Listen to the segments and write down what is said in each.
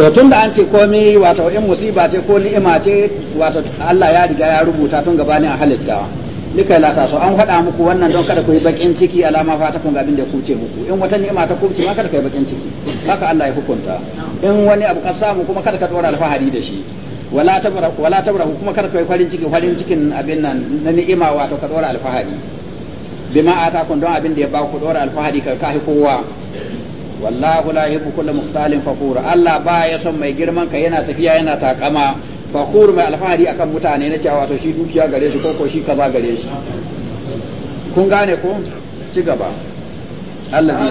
to tun da an ce komi wato in musiba ce ko ni'ima ce wato Allah ya riga ya rubuta tun gaba ne a halitta ni la ta so an faɗa muku wannan don kada ku yi bakin ciki alama ta kun ga abin da kuce muku in wata ni'ima ta kuce ma kada ka yi bakin ciki haka Allah ya hukunta in wani abu ka samu kuma kada ka dora alfahari da shi wala tabra wala tabra kuma kada ka yi farin ciki farin cikin abin nan na ni'ima wato ka dora alfahari bima kun don abin da ya ba ku dora alfahari ka kai kowa wallahu la yuhibbu kulla mukhtalin fakhur Allah ba ya son mai girman kai yana tafiya yana takama fakhur mai alfahari akan mutane na cewa to shi dukiya gare shi ko ko shi kaza gare shi kun gane ko ci gaba Allah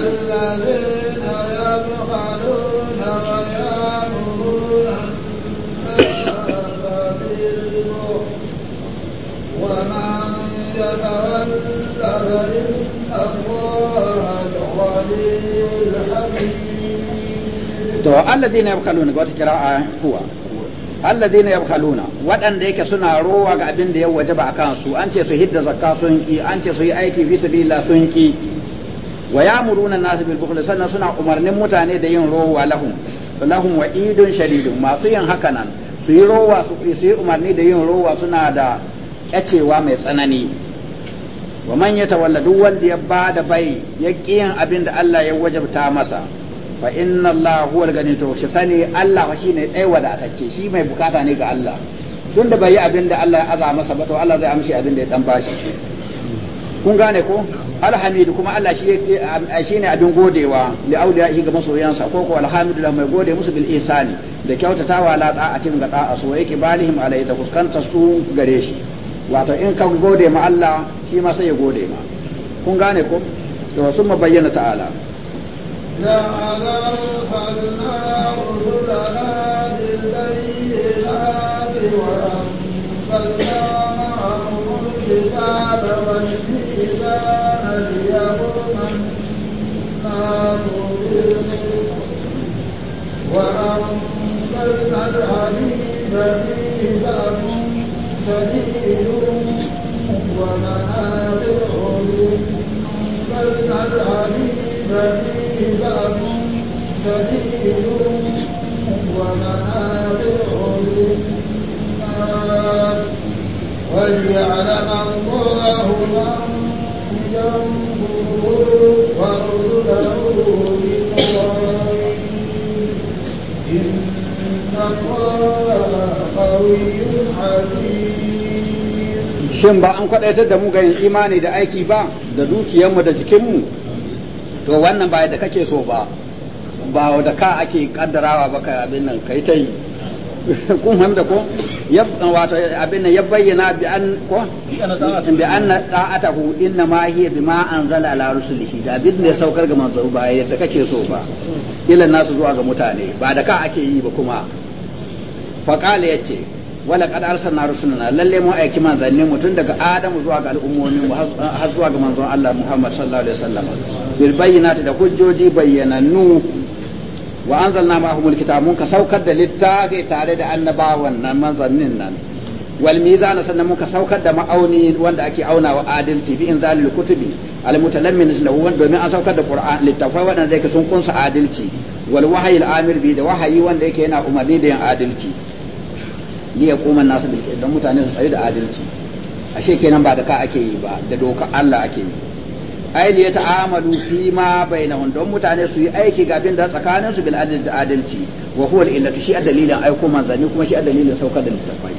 وما to alladhina yabkhaluna ga wata kira'a huwa alladhina yabkhaluna waɗanda yake suna rowa ga abin da ya wajaba a kansu an ce su hidda zakka sun ki an ce su yi aiki fi sabila sun ki wa ya'muruna nasu bil bukhli sannan suna umarnin mutane da yin rowa lahum lahum wa idun shadidun masu yin haka nan su yi rowa su yi umarni da yin rowa suna da kyacewa mai tsanani wa man ya tawalla duk wanda ya ba da bai ya yin abin da Allah ya wajabta masa fa inna Allah huwa al to shi sani Allah fa shine dai wadatacce shi mai bukata ne ga Allah duk da bai yi abin da Allah ya aza masa ba to Allah zai amshi abin da ya dan bashi kun gane ko alhamidu kuma Allah shi shine abin godewa li auliya shi ga masoyansa ko ko alhamidu mai gode musu bil ihsani da kyautatawa la ta'atin ga ta'a so yake balihim alai da kuskantar su gare shi wato in ka gode ma Allah shi ma sai ya gode ma kun gane ko to sun ma bayyana ta'ala وأنزلنا الحديد فيه بأس دليل ومنافع للناس فيه بأس دليل ومنافع للناس وليعلم الله من ينصره ورسله إن الله shin ba an kwadaitar da mu ga yin imani da aiki ba da dukiyarmu da jikinmu to wannan ba da kake so ba ba da ka ake kaddarawa ba ka abin nan kai ta yi kun hamda ko wato abin nan ya bayyana bi an na bi ku inna ma hiya an zala ala rusulihi da abin da ya saukar ga manzo ba yadda kake so ba Ilan nasu zuwa ga mutane ba da ka ake yi ba kuma faƙali ya ce wala kad arsalna rusulana lalle mu aiki manzanni tun daga adamu zuwa ga al'ummomin mu har zuwa ga manzon Allah Muhammad sallallahu alaihi wasallam bil bayyinati da hujjoji bayyanannu wa anzalna ma'ahumul kitab mun ka saukar da littafi tare da annabawan nan manzannin nan wal mizana sannan ka saukar da ma'auni wanda ake auna wa adalci bi inzalil kutubi al mutalammin lahu domin an saukar da qur'an littafai wadanda yake sun kunsa adalci wal wahyi al amir bi da wahayi wanda yake yana umarni da yin adalci li yaquma nasu bil don mutane su tsayu da adalci ashe kenan ba da ka ake yi ba da doka Allah ake yi ai li yata'amalu fi ma bainahum don mutane su yi aiki ga abin da tsakanin su bil adl da adalci wa huwa al illatu shi dalilin aiko zani kuma shi dalilin saukar da littafai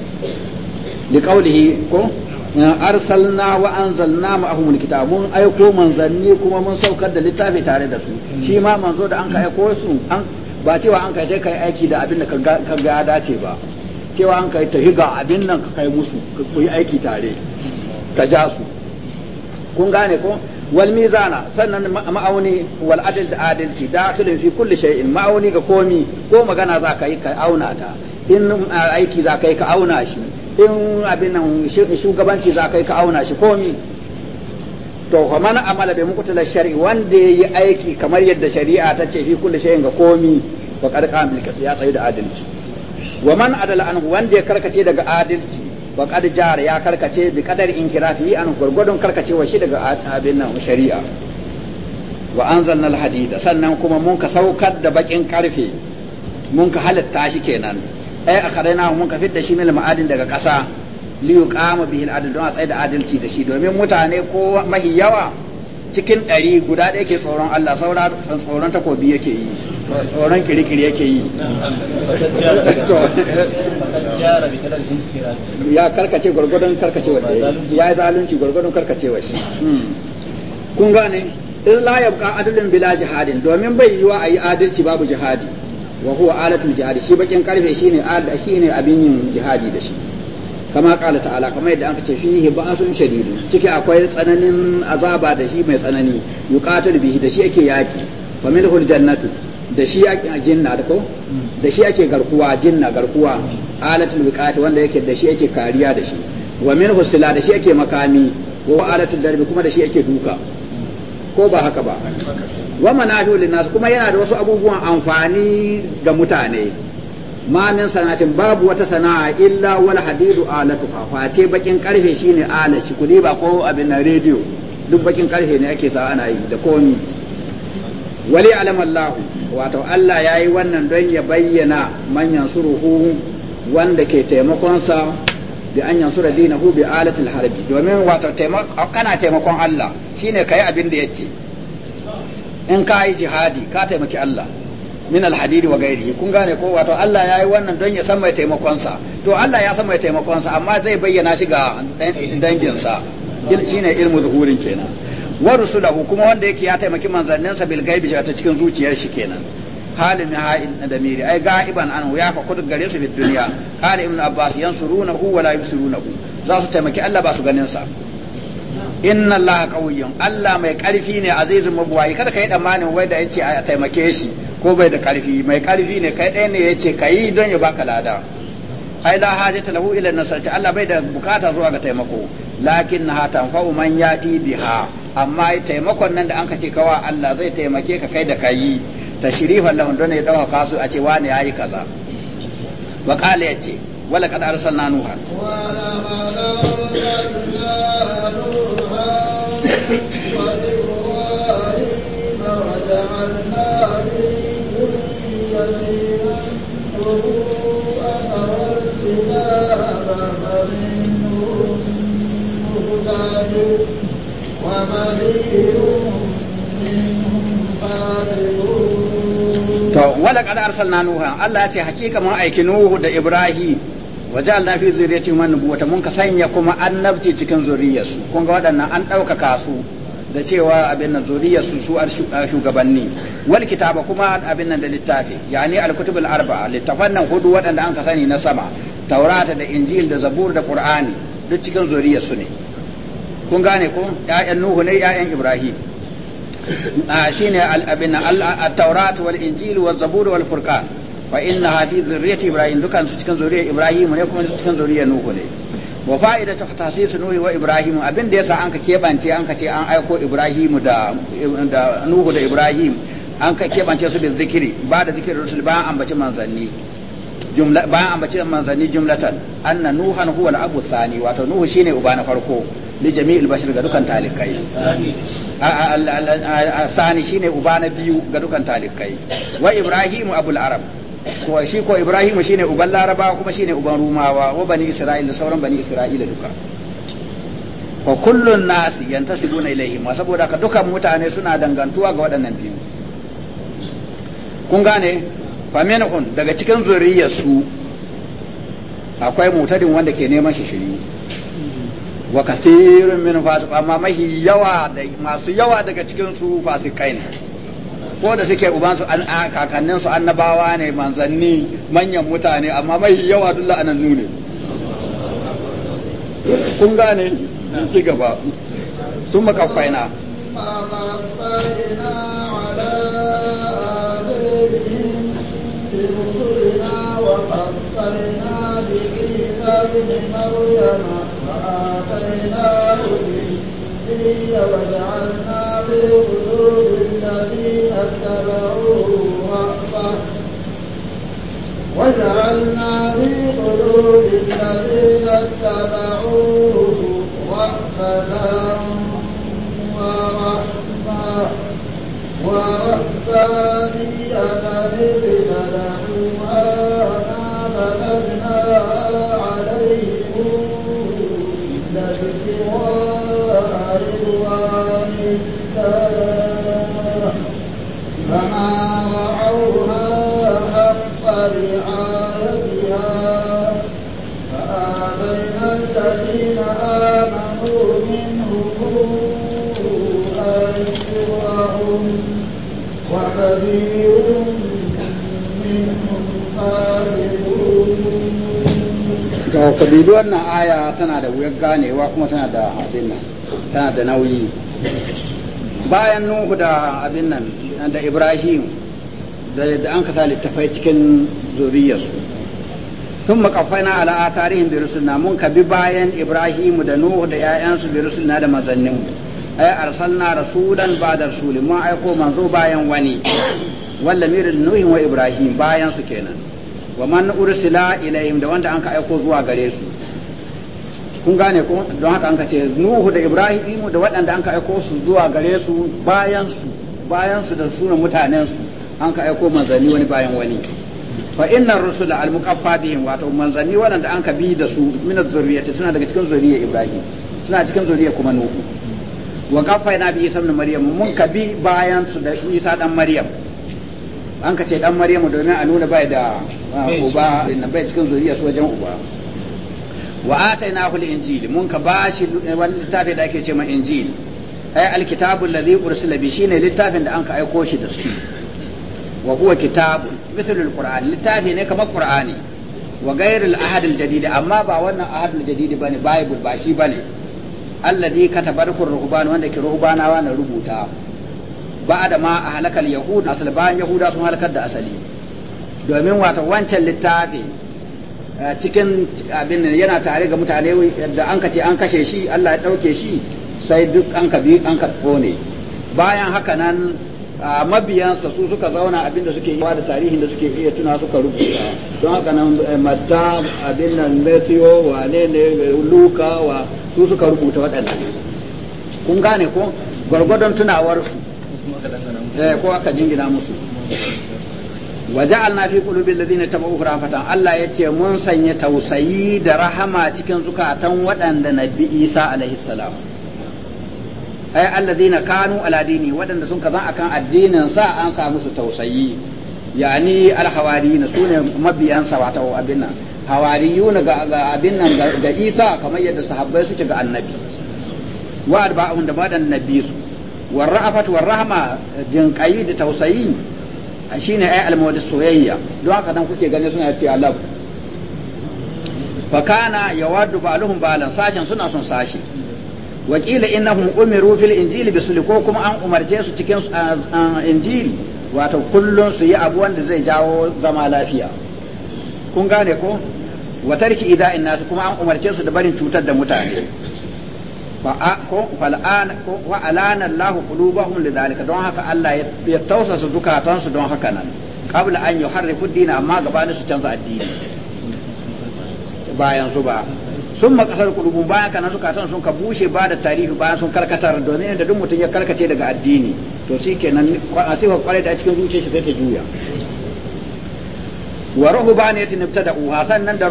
li qawlihi ko arsalna wa anzalna ma'ahum alkitab mun aiko manzanni kuma mun saukar da littafi tare da su shi ma manzo da an ka ko su an ba cewa an kai kai aiki da abin da ka ga dace ba cewa an kai tafi ga abin nan ka kai musu ka yi aiki tare ka ja su kun gane ko wal mizana sannan ma'auni wal adil da adalci dakhilin fi kulli shay'in ma'auni ga komi ko magana za ka yi ka auna ta in aiki za ka yi ka auna shi in abin nan shugabanci za ka yi ka auna shi komi to fa man amala bi muqtala shari'i wanda ya yi aiki kamar yadda shari'a ta ce fi kulli shay'in ga komi wa qad qama bil ya tsayi da adalci wa man adala an wanda ya karkace daga adalci wa kad jar ya karkace bi qadar inkirafi an karkace wa shi daga abin nan shari'a wa anzalna alhadida sannan kuma mun ka saukar da bakin karfe mun ka halatta shi kenan ai akharaina mun ka fitta shi mil ma'adin daga kasa li yuqama bihi al don a tsaye da adalci da shi domin mutane ko mahi yawa cikin ɗari guda ɗaya ke tsoron Allah saura tsoron takobi yake yi tsoron kirikiri yake yi ya karkace gwargwadon karkace wanda ya yi zalunci gwargwadon karkace wa shi hmm. kun gane in la yabqa adalin bila jihadin domin bai yiwa ayi adalci babu jihadi wa huwa alatul jihadi shi bakin karfe shine shine abin yin jihadi da shi kama kala ta'ala kamar yadda aka ce fihi ba'sun shadidu ciki akwai tsananin azaba da shi mai tsanani yuqatul bihi da shi ake yaki fa minhul jannatu da shi yake jinna da ko da shi ake garkuwa jinna garkuwa alatul wiqati wanda yake da shi ake kariya da shi wa minhu sila da shi ake makami wa alatul darbi kuma da shi ake duka ko ba haka ba wa manafi'ul nas kuma yana da wasu abubuwan amfani ga mutane ma min sanatin babu wata sana'a illa wal hadidu alatu face bakin karfe shine ala shi kudi ba ko abin na rediyo duk bakin karfe ne ake sa ana yi da komi wali alam Allah wato Allah yayi wannan don ya bayyana manyan suruhu wanda ke taimakon sa bi an yansura dinahu bi alatil harbi domin wato kana taimakon Allah shine kai abin da yace in ka yi jihadi ka taimaki Allah min alhadidi wa gairi kun gane ko wato Allah ya yi wannan don ya san mai taimakonsa to Allah ya san mai taimakonsa amma zai bayyana shi ga danginsa shine ilmu zuhurin kenan wa rusulahu kuma wanda yake ya taimaki manzanninsa bil gaibi ta cikin zuciyar shi kenan halin ha'in da miri ai ga'iban an ya fa kudu gare su bid dunya qala ibn abbas yansurunahu wa la yusirunahu za su taimaki Allah ba su ganin sa inna allaha qawiyyun Allah mai karfi ne azizun mabwai kada kai damanin wai da yace a taimake shi ko bai da karfi mai karfi ne kai ɗaya ne ya ce ka yi don ya baka lada ai la ta lahu ila nasarati Allah bai da bukata zuwa ga taimako lakin na fa'u man yati biha amma taimakon nan da an ce kawa Allah zai taimake ka kai da ta tashrifan lahun don ya dauka kasu a ce wani yayi kaza wa qala yace wala kad arsalna nuha وجعلنا wala kada arsalna nuha Allah ya ce hakika mun aiki Nuhu da Ibrahim waje Allah fi zuriyati man nubuwata mun ka sanya kuma annabci cikin zuriyarsu kun ga waɗannan an ɗaukaka su da cewa abin nan zuriyarsu su shugabanni wal kitaba kuma abin nan da littafi yani al kutubul arba'a littafan nan hudu waɗanda an ka sani na sama taurata da injil da zabur da qur'ani duk cikin zuriya su ne kun gane ko Ya'yan nuhu ne ya'yan ibrahim shine al abin al taurat wal injil wal zabur wal furqan fa inna fi zurriyyati ibrahim dukan su cikin zuriya ibrahim ne kuma cikin zuriya nuhu ne wa fa'ida ta tasisu nuhi wa ibrahim abin da yasa an ka kebance an ka ce an aiko ibrahim da da nuhu da ibrahim an ka keɓance su bin zikiri ba da zikirin rusul bayan ambaci manzanni jumla bayan ambaci manzanni jumlatan anna nuhan huwa al-abu thani wato nuhu shine uba na farko li jami'il bashar ga dukan talikai thani shine uba na biyu ga dukan talikai wa ibrahim abul arab ko shi ko ibrahim shine uban laraba kuma shine uban rumawa wa bani isra'ila sauran bani isra'ila duka wa kullun nasi yantasibuna ilaihim saboda ka dukan mutane suna dangantuwa ga waɗannan biyu kun gane kun daga cikin su akwai mutadin wanda ke neman shi shiri wa kathirun min fasiq amma mahi yawa da masu yawa daga cikin su fasikai ne ko da suke su an kakannin su annabawa ne manzanni manyan mutane amma mahi yawa duk la'anannu ne kun gane ci gaba sun makafaina بهم برسلنا وقفينا بعيسى بن مريم وآتيناه الإنجيل وجعلنا في قلوب الذين اتبعوه رأفة وجعلنا في قلوب الذين اتبعوه رأفة ورحمة ورهبانية الذين دعوها ما بلغناها عليهم إلا ابتغاء رضوان الله فما رعوها حق رعايتها فآتينا الذين آمنوا معهم To, wannan aya tana da wuyar ganewa kuma tana da abin nan, tana da nauyi. Bayan Nuhu da abin nan, da Ibrahim, da an kasa littafai cikin zuriyarsu. Sun makafaina ala tarihin birisunna, mun ka bi bayan Ibrahim da Nuhu da ‘ya'yansu birisunna da mazanninmu. ay arsalna rasulan ba'da rasulin mun aiko manzo bayan wani wal mirin nuhi wa ibrahim bayan su kenan wa man ursila ilaihim da wanda an ka aiko zuwa gare su kun gane ko don haka an ka ce nuhu da ibrahim da waɗanda an ka aiko su zuwa gare su bayan su bayan su da sunan mutanen su an ka aiko manzanni wani bayan wani fa inna rusula al muqaffadin wato manzanni wanda an ka bi da su min zurriyyati suna daga cikin zuriya ibrahim suna cikin zuriya kuma nuhu wa kafaina bi isa ibn maryam mun ka bi bayan su da isa dan maryam an ka ce dan maryamu domin a nuna bai da ah, uba inna bai cikin zuriya su wajen uba wa ataina hul injil mun ka bashi wani littafi da ake ce ma injil ai alkitabu alladhi ursila bi shine littafin da an ka aiko shi da su wa huwa kitabun mithlu alquran littafi ne kamar qur'ani wa ghayr alahad aljadid amma ba wannan ahad aljadid bane bible ba shi bane alladhi katabahu ruhban wanda ke ruhbanawa na rubuta ba'da ma ahlakal yahud asal bayan yahuda sun halakar da asali domin wata wancan littafi eh, cikin abin yana tare ga mutane da an kace an kashe shi Allah ya dauke shi sai duk an ka bi an ka kone bayan haka nan a mabiyansa su suka zauna abin da suke yawa da tarihin da suke iya tuna suka rubuta don haka nan eh, mata abin nan metiyo wa ne ne eh, luka wa su suka rubuta waɗannan kun gane ko gwargwadon su eh ko aka jingina musu وجعلنا في قلوب الذين fata Allah ya ce mun sanya tausayi da rahama cikin zukatan waɗanda nabi Isa alaihi salam ay alladhina kanu ala dini wadanda sun kaza akan addinin sa an sa su tausayi yani alhawariyin sune mabiyan sa wato abin nan hawariyun ga abin nan ga Isa kamar yadda sahabbai suke ga annabi wa arba'un da badan nabi su warra'afat warrahma jinqayi da tausayi shine ay almawdi soyayya don haka dan kuke gane suna ce Allah fakana yawaddu ba'aluhum ba'lan sashen suna son sashi wakila innahum umiru fil injili bisul ko kuma an umarce su cikin injili wato kullun su yi abu wanda zai jawo zama lafiya kun gane ko wa tarki ida'in nas kuma an umarce su da barin cutar da mutane wa alana Allah qulubahum lidhalika don haka Allah ya tausasa zukatansu don haka nan kabla qabla har yuharrifu dina amma gabanin su canza addini bayan su ba sun makasar kurubu bayan kana zukatan sun ka bushe ba da tarihi bayan sun karkatar domin da duk mutum ya karkace daga addini to shi kenan asifa kwarai da cikin zuciya shi sai ta juya wa ruhu ruhubaniyatin da uha sannan da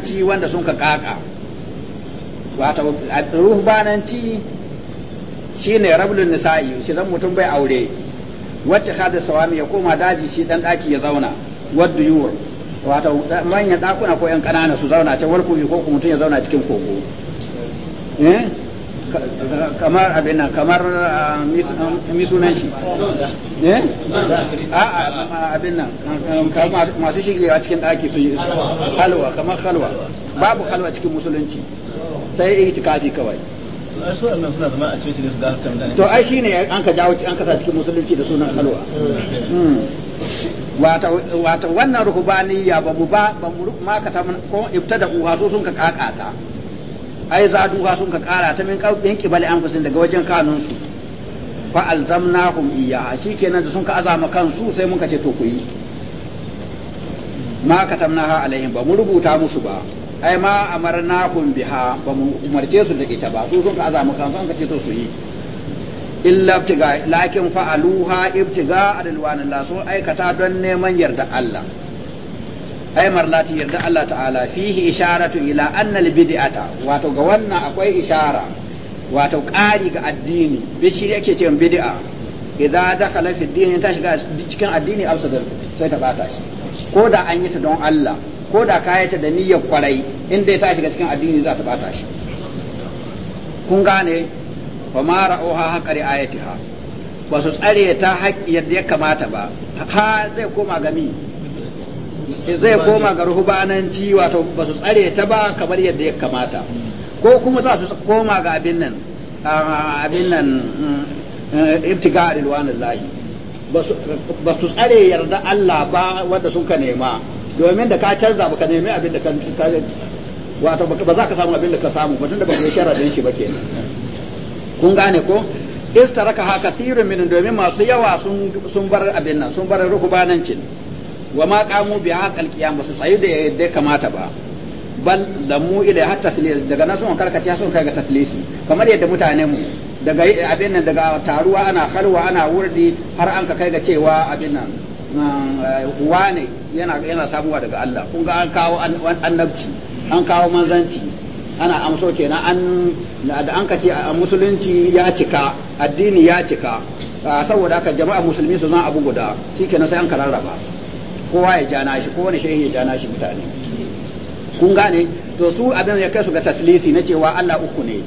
ci wanda sun ka kaka ruhu ci shi shine rablun nisa'i shi zan mutum bai aure wata hada sawami ya koma daji shi dan daki ya zauna wadda yiwuwa wato manyan dakuna ko yan kanana su zauna can wani kogi ko mutum ya zauna cikin kogo eh? kamar abin nan kamar ah, misunan shi eh? ah, ah, abin nan masu shigewa cikin ɗaki su yi halwa kamar halwa babu halwa cikin musulunci sai itikafi kawai to ai shine an ka jawo an kasa cikin musulunci da sunan halwa eh. hmm. wata wannan ruhubaniya ba mu ba ba mu ka ta ko ibtada uha so sun ka kakata ai za duha sun ka kara ta min kaubin kibali anfusin daga wajen kanun su fa alzamnahum iyyaha shikenan da sun ka azama kansu sai mun ka ce to ku yi ma ha alaihim ba mu rubuta musu ba ai ma amarnahum biha ba mu umarce su da ita ba su sun ka azama kansu an ka ce to su yi illa ibtiga lakin fa'aluha ibtiga Allah sun aikata don neman yarda Allah ai marlati yarda Allah ta'ala fihi isharatu ila anna albid'ata wato ga wannan akwai ishara wato ƙari ga addini bishi yake cewa bid'a idan dakhala fi dini ta shiga cikin addini afsadar sai ta bata shi ko da an yi ta don Allah ko da ka ta da niyyar kwarai inda ta shiga cikin addini za ta bata shi kun gane fa ma ra'uha haqqa ayatiha ba su tsare ta haƙƙi yadda ya kamata ba ha zai koma gami zai koma ga ruhubananci wato ba su tsare ta ba kamar yadda ya kamata ko kuma za su koma ga abin nan abin nan eh, ibtiga rilwanillahi ba su tsare yarda Allah ba wanda sun ka nema domin da ka canza ba ka nemi abin da ka wato ba za ka samu abin da ka samu ba tun da ba ka yi sharadin shi ba kenan kun gane ko istaraka ha kathirun min domin masu yawa sun bar abin nan sun bar rukubanancin wa ma qamu bi haqal qiyam su tsayu da yadda kamata ba bal lamu ila hatta taslis daga nan sun karkace sun kai ga taslisi kamar yadda mutane mu daga abin nan daga taruwa ana halwa ana wurdi har an ka kai ga cewa abin nan um, wane yana yana samuwa daga Allah kun ga an kawo annabci an kawo manzanci ana amso kenan an da an kace musulunci ya cika addini ya cika saboda haka jama'a musulmi su zan abu guda shikenan sai an kararraba kowa ya jana shi wani shehi ya jana shi mutane kun gane to su abin ya kai su ga taflisi na cewa Allah uku ne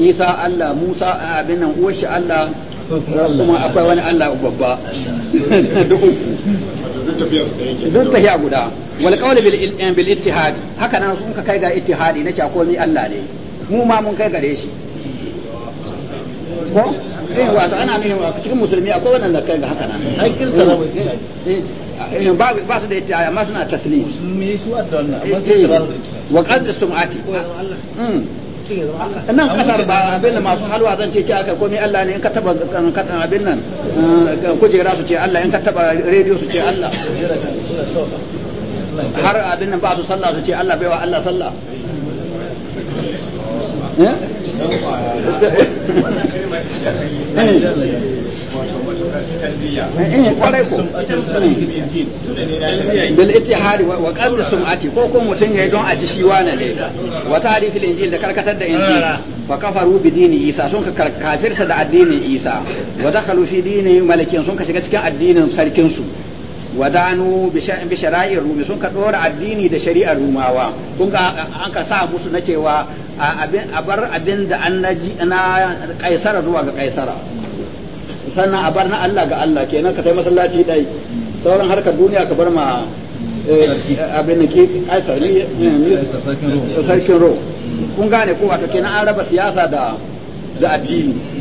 Isa Allah Musa abin nan uwar shi Allah kuma akwai wani Allah babba duk uku duk tafiya guda wal qawli eh, bil ittihad haka nan sun ka kai ga ittihadi na komi Allah ne mu ma mun kai gare shi ko eh wato ana nuna cikin musulmi akwai wannan da kai ga haka nan ai kirsa eh, eh, ba ba su da ittihad amma suna tasli. musulmi su adda wannan amma kirsa wa qad sum'ati hmm. nan kasar ba abin da masu halwa zan ce ce aka komai Allah ne in ka taba abin nan kujera su ce Allah in ka taba rediyo su ce Allah har abin nan ba su sallah su ce Allah baiwa Allah sallah eh? Eh, bil ittihadi wa qabl sum'ati ko ko mutun yayi don a ji shi ne wa tarihi injil da karkatar da injil fa kafaru bi dini isa sun ka kafirta da addinin isa wa dakhalu fi dini malikin sun ka shiga cikin addinin sarkin su wadanu bi shari'ar rumi sun ka dora addini da shari'ar rumawa kun ga an ka sa musu na cewa a bar abin da an na kaisara zuwa ga kaisara sannan a bar na Allah ga Allah kenan ka tai masallaci dai sauran harkar duniya ka bar ma eh, abin da ke kaisar ne sarkin ro kun gane ko wato kenan an raba siyasa da da addini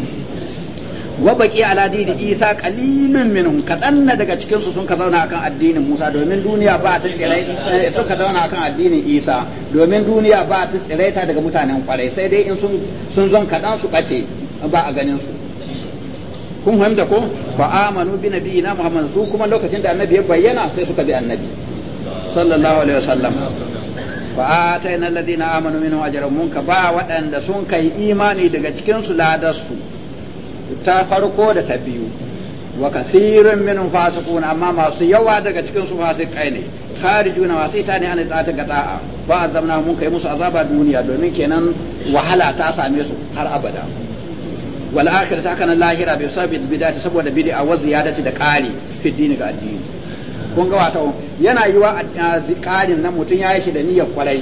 wa baki ala dini isa qalilun minhum kadanna daga cikin su sun ka zauna akan addinin Musa domin duniya ba ta tsirai eh, sun ka zauna akan addinin Isa domin duniya ba ta tsiraita daga mutanen kwarai sai dai in sun sun zon kadan su kace ba a ganin su kun fahimta ko fa amanu bi nabiyina Muhammad su kuma lokacin da annabi ya bayyana sai suka bi annabi sallallahu alaihi wasallam fa atayna ladina amanu minhum ajran mun ka ba waɗanda sun kai imani daga cikin su su ta farko da ta biyu wa kathirin minhum fasiqun amma masu yawa daga cikin su fasikai ne kharijuna masu ita ne an ta ga da'a ba azabna mun kai musu azaba duniya domin kenan wahala ta same su har abada wal ta kana lahira bi sabil bidati saboda bid'a wa ziyadati da qari fi dini ga addini kun ga wato yana yi wa qarin nan mutun yayi shi da niyyar kwarai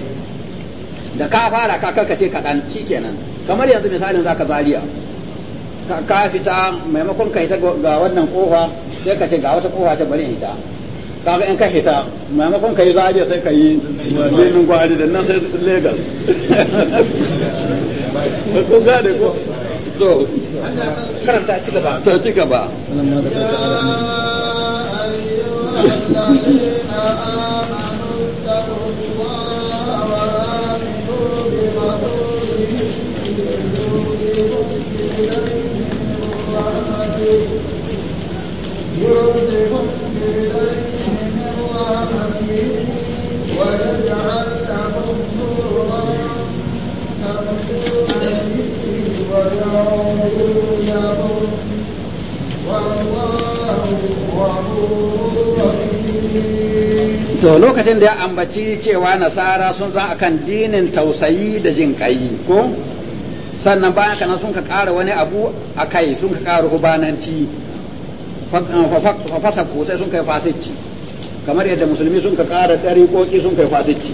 da ka fara ka karkace kadan shikenan kamar yanzu misalin zaka zariya ka fita maimakon ka hita ga wannan kofa sai ka ce ga wata kofa ta bari hita kaga in ka hita maimakon ka yi zariya sai ka yi nemin gwari da nan sai lagos ko gane ko to To lokacin da ya ambaci cewa nasara sun zan akan dinin tausayi da jin ko? Sannan bayan kana sun ka ƙara wani abu a kai sun ka ƙara hubananci fafasa sai sun kai fasici kamar yadda musulmi sun ka ƙara ɗariƙoƙi sun kai fasici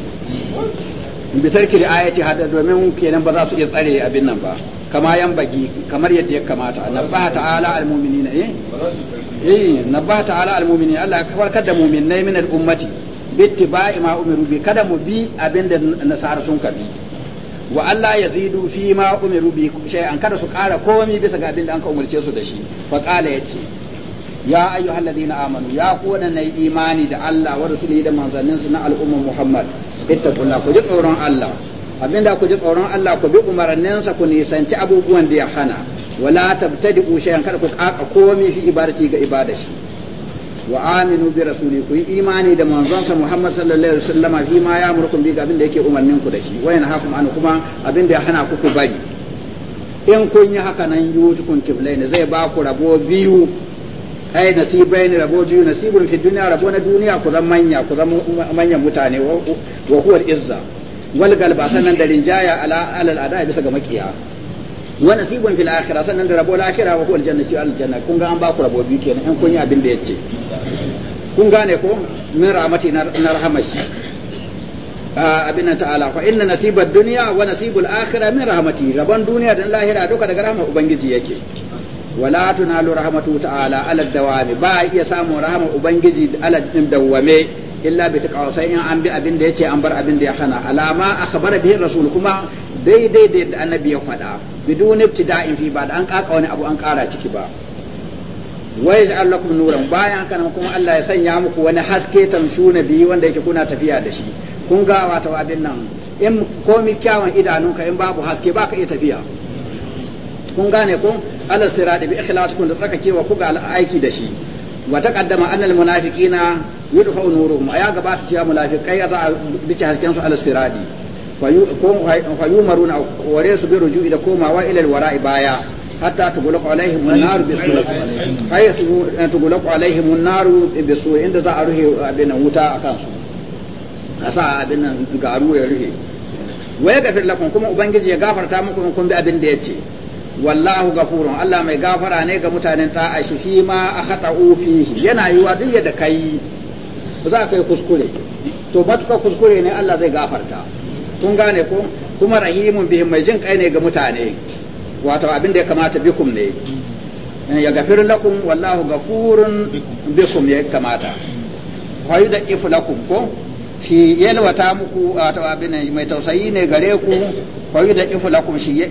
bitar kiri ayati hada domin kenan ba za su iya tsare abin nan ba. kama yan bagi kamar yadda ya kamata nabbaha ta'ala almu'minina eh eh nabbaha ta'ala almu'minina Allah ya kafarkar da mu'minai min al-ummati ma umiru bi kada mu bi abinda nasara sun kabi wa Allah ya zidu fi ma umiru bi shay'an kada su kara komai bisa ga abinda an ka umarce su da shi fa qala yace ya ayyuhal ladina amanu ya ku na imani da Allah wa rasulihi da manzanninsa na al'ummar Muhammad ita ittaqullah ku ji tsoron Allah abinda ku ji tsoron Allah ku bi umarninsa ku nisanci abubuwan da ya hana wala tabtadi'u shay'an kada ku kaka komai fi ibadati ga ibada shi wa aminu bi rasuli ku yi imani da manzonsa Muhammad sallallahu alaihi wasallama fi ma ya murkum bi ga abinda yake umarnin ku da shi wayan hakum an kuma abinda ya hana ku ku bari in kun yi haka nan kiblai ne zai ba ku rabo biyu ai nasibai ne rabo biyu nasibun fi duniya rabo na duniya ku zama manya ku zama manyan mutane wa huwa izza wal galba sannan da rinjaya ala alal ada bisa ga makiya wa nasibun fil akhirah sannan da rabo akhirah wa huwa al al janna kun ga an ba ku rabo biyu kenan an kun yi abin da yace kun gane ko min rahmati na rahmashi ah, abin nan ta'ala fa inna nasibad dunya wa nasibul akhirah min rahmati rabon duniya da lahira duka daga rahmar ubangiji yake wala tunalu rahmatu ta'ala ala dawami ba iya samun rahmar ubangiji ala dawame illa bi taqwa sai in an bi abin da ya ce an bar abin da ya hana alama akhbara bihi rasul kuma daidai da yadda annabi ya faɗa bidun ibtida'in fi ba da an kaka wani abu an kara ciki ba wa yaj'al lakum nuran bayan kana kuma Allah ya sanya muku wani haske tamshuna biyu wanda yake kuna tafiya da shi kun ga wato abin nan in komi kyawun idanunka in babu haske baka iya tafiya kun gane ko ala sirati bi ikhlas kun da wa ku ga aiki da shi wa taqaddama annal munafiqina yudfa nuruhum aya gaba ta ce munafikai za a bice hasken su ala siradi fa yumaruna ware su bi ruju'i da komawa ila wara'i baya hatta tugulaqu alaihim an-nar bisu hay su tugulaqu alaihim an-nar bi bisu eh, inda za a ruhe abin wuta akan su asa abin nan garu ya ruhe waya gafir lakum kuma ubangiji ya gafarta muku in kun bi abin da yace wallahu ghafurun Allah mai gafara ne ga mutanen ta'a shi fi ma akhata'u fihi yana yiwa duk yadda kai za ka yi kuskure to matuƙa kuskure ne Allah zai gafarta kun gane ko kuma rahimun bihim mai jin kai ne ga mutane wato abin da ya kamata bikum ne eh, ya gafir lakum wallahu gafurun bikum ya kamata wa ifu lakum ko shi yalwata muku wato abin mai tausayi ne gare ku wa ifu lakum shi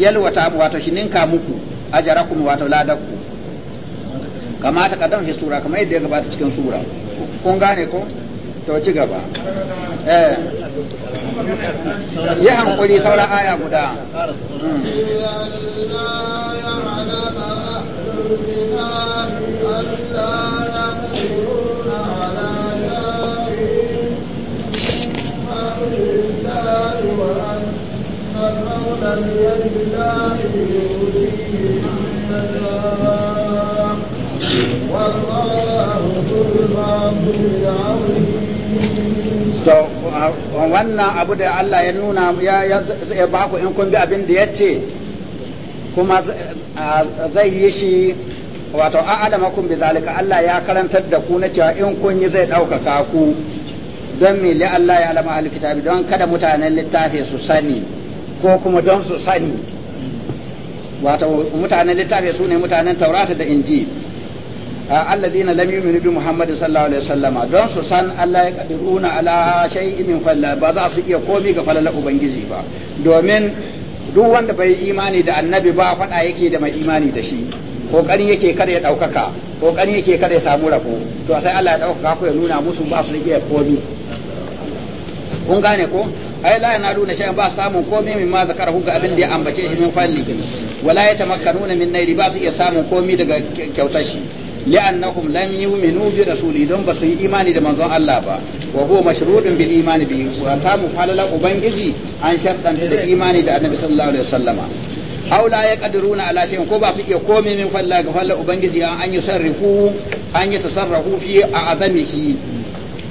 yalwata wato shi ninka muku ajarakum wato ladakku kamata kadan fi sura kamar yadda ya gabata cikin sura kun gane ko to ci gaba eh yi hankuli sauran aya guda والمولى بيد الله يؤتيه من يشاء to wannan abu da Allah ya nuna ya ba ku in kun bi abin da ya ce kuma zai yi shi wato a kun bi zalika Allah ya karantar da ku na cewa in kun yi zai ɗaukaka ku don me li Allah ya alama ahli kitabi don kada mutanen littafi su sani ko kuma don su sani wato mutanen littafi su ne mutanen taurata da inji alladhina lam yu'minu bi muhammadin sallallahu alaihi wasallama don su san Allah ya kadiruna ala shay'in min falla ba za su iya komi ga falala ubangiji ba domin duk wanda bai imani da annabi ba faɗa yake da mai imani da shi kokarin yake kada ya ɗaukaka kokarin yake kada ya samu rabo to sai Allah ya ɗaukaka ko ya nuna musu ba su iya komi kun gane ko ai la yanaluna shay'in ba samun komai min ma zakarahu ga abin da ya ambace shi min falli wala yatamakkanuna min naili ba su iya samun komai daga kyautar shi li'annahum lam yu'minu bi rasuli don ba su yi imani da manzon Allah ba waho huwa mashrudun bil imani bi wa ta mu falala ubangiji an shartanta da imani da annabi sallallahu alaihi wasallama aw la yaqdiruna ala shay'in ko ba su iya komai min falla ga falla ubangiji an an yusarrifu an yatasarrafu fi a'zamihi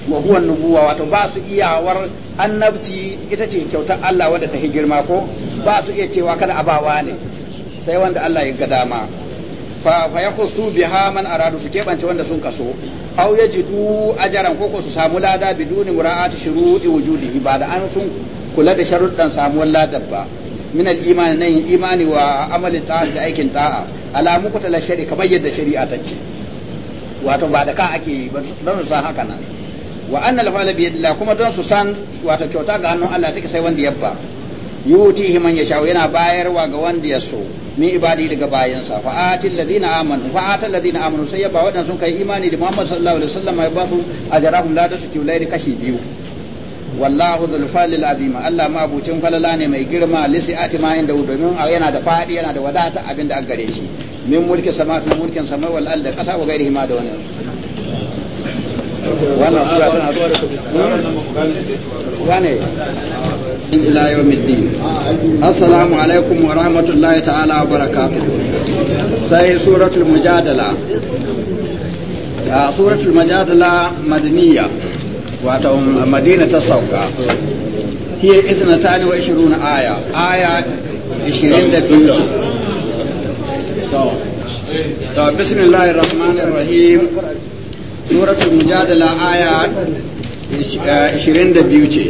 wa huwa nubuwa wato ba su iyawar annabci ita ce kyautar Allah wadda ta girma ko ba su iya cewa kada a abawa ne sai wanda Allah ya ga dama fa ya khusu biha man aradu su keɓance wanda sun kaso aw yajidu ajaran ko su samu lada biduni mura'ati shurudi wujudihi ba da an sun kula da sharuddan samuwar ladar ba min al-imani nan imani wa amali ta'a da aikin ta'a ala muqtala shari'a kamar yadda shari'a ta ce wato ba da ka ake don su san haka nan wa annal fa'ala bi kuma don su san wato kyauta ga hannun Allah take sai wanda yabba yutihi man shawo yana bayarwa ga wanda ya so min ibadi daga bayansa fa atil ladina amanu fa atil ladina amanu sai ya ba wadanda sun kai imani da Muhammad sallallahu alaihi wasallam ya ba su ajrahum la dasu kashi biyu wallahu dhul falil azima Allah ma abucin falala ne mai girma lisi atima inda domin yana da fadi yana da wadata abinda an gare shi min mulki samatu mulkin samai wal ardi kasa wa gairihi ma da wani. وانا يعني الى يوم الدين السلام عليكم ورحمه الله تعالى وبركاته سي سوره المجادله سوره المجادله مدنيه واتو مدينه السوقه هي 22 ايه ايه 22 طيب. طيب، بسم الله الرحمن الرحيم suratul mujadala aya 22 eh, ce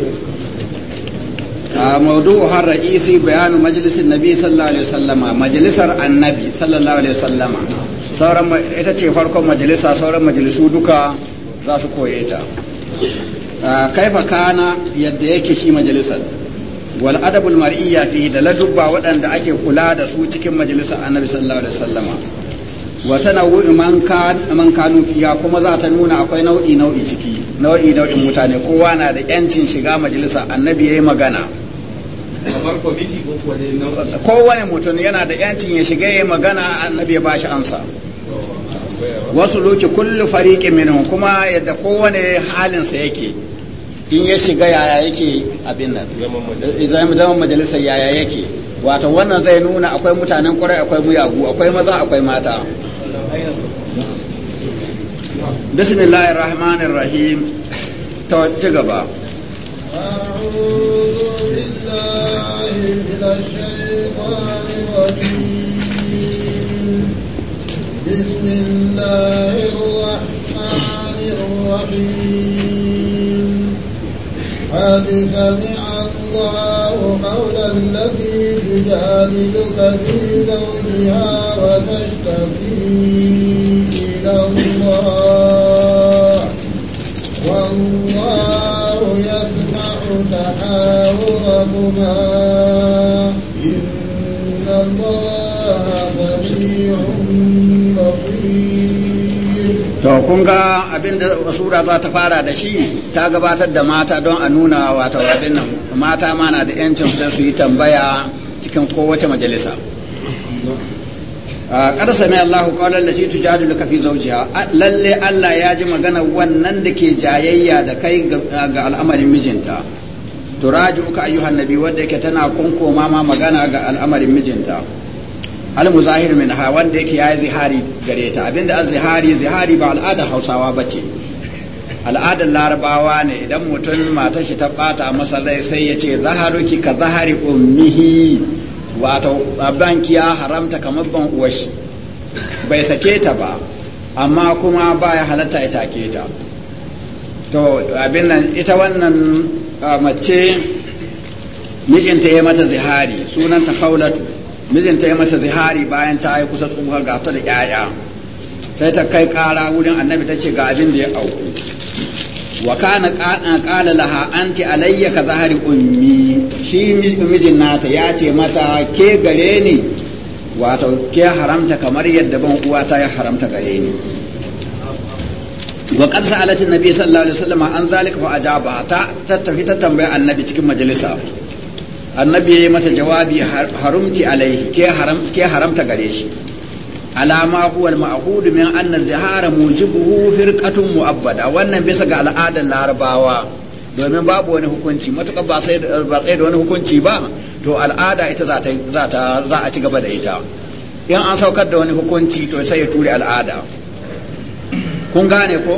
موضوعها الرئيسي بيان مجلس النبي صلى الله عليه وسلم مجلس النبي صلى الله عليه sauran ita ce farkon majalisa sauran majalisu duka za su koye ta ah, kaifa kana yadda yake shi majalisar wal adabul mar'iyya fi da ladubba waɗanda ake kula da su cikin majalisar annabi sallallahu alaihi wasallama wa tanawwu man man kanu fiya kuma za ta nuna akwai nau'i nau'i ciki nau'i nau'in mutane kowa na da yancin shiga majalisa annabi yayi magana kowane mutum yana da yancin ya shiga yayi magana annabi ya bashi amsa wasu loki kullu fariqi minhum kuma yadda kowane halinsa yake in ya shiga yaya yake abin nan zaman majalisa yaya yake wato wannan zai nuna akwai mutanen kwarai akwai muyagu akwai maza akwai mata بسم الله الرحمن الرحيم توجه بقى. أعوذ بالله من الشيطان الرجيم بسم الله الرحمن الرحيم قد سمع الله قول التي تجادلك في زوجها وتشتكي إلى الله يغرقنا إن الله سميع بصير To kun ga abin da sura za ta fara da shi ta gabatar da mata don a nuna wata abin nan mata ma na da 'yancin fitar su yi tambaya cikin kowace majalisa. Kada sami Allahu kawalar da shi da kafi zaujiya lalle Allah ya ji magana wannan da ke jayayya da kai ga al'amarin mijinta Turaju ka ayyuhan nabi wanda yake tana kunkoma ma magana ga al'amarin mijinta al-muzahir min ha wanda yake yayi zihari gare ta abinda an zihari zihari ba al'adar Hausawa bace al'adar Larabawa ne idan mutum matar shi ta bata masa lai sai ya ce zaharuki ka zahari ummihi wato banki ya haramta kamar ban uwashi bai sake ta ba amma kuma baya halatta ya take ta to abin nan ita wannan mace mijinta ya mata zihari sunanta haulatu mijinta ya mata zihari bayan ta yi kusa tsohuwa ga ta da 'ya'ya sai ta kai kara wurin annabi ta ce ga abin da ya auku wa kana kala laha anti alayya ka zahari ummi shi mijin nata ya ce mata ke gare ni wato ke haramta kamar yadda ban uwa ta ya haramta gare ni wa qad sa'alatin nabi sallallahu alaihi wasallam an zalika fa ajaba ta tattafi ta tambaya annabi cikin majalisa annabi yi mata jawabi harumti alaihi ke haramta gare shi alama huwa al-ma'hud min anna al-zihara mujibuhu mu abada wannan bisa ga al'adar larabawa domin babu wani hukunci matuƙa ba sai da wani hukunci ba to al'ada ita za za a ci gaba da ita in an saukar da wani hukunci to sai ya ture al'ada kun gane ko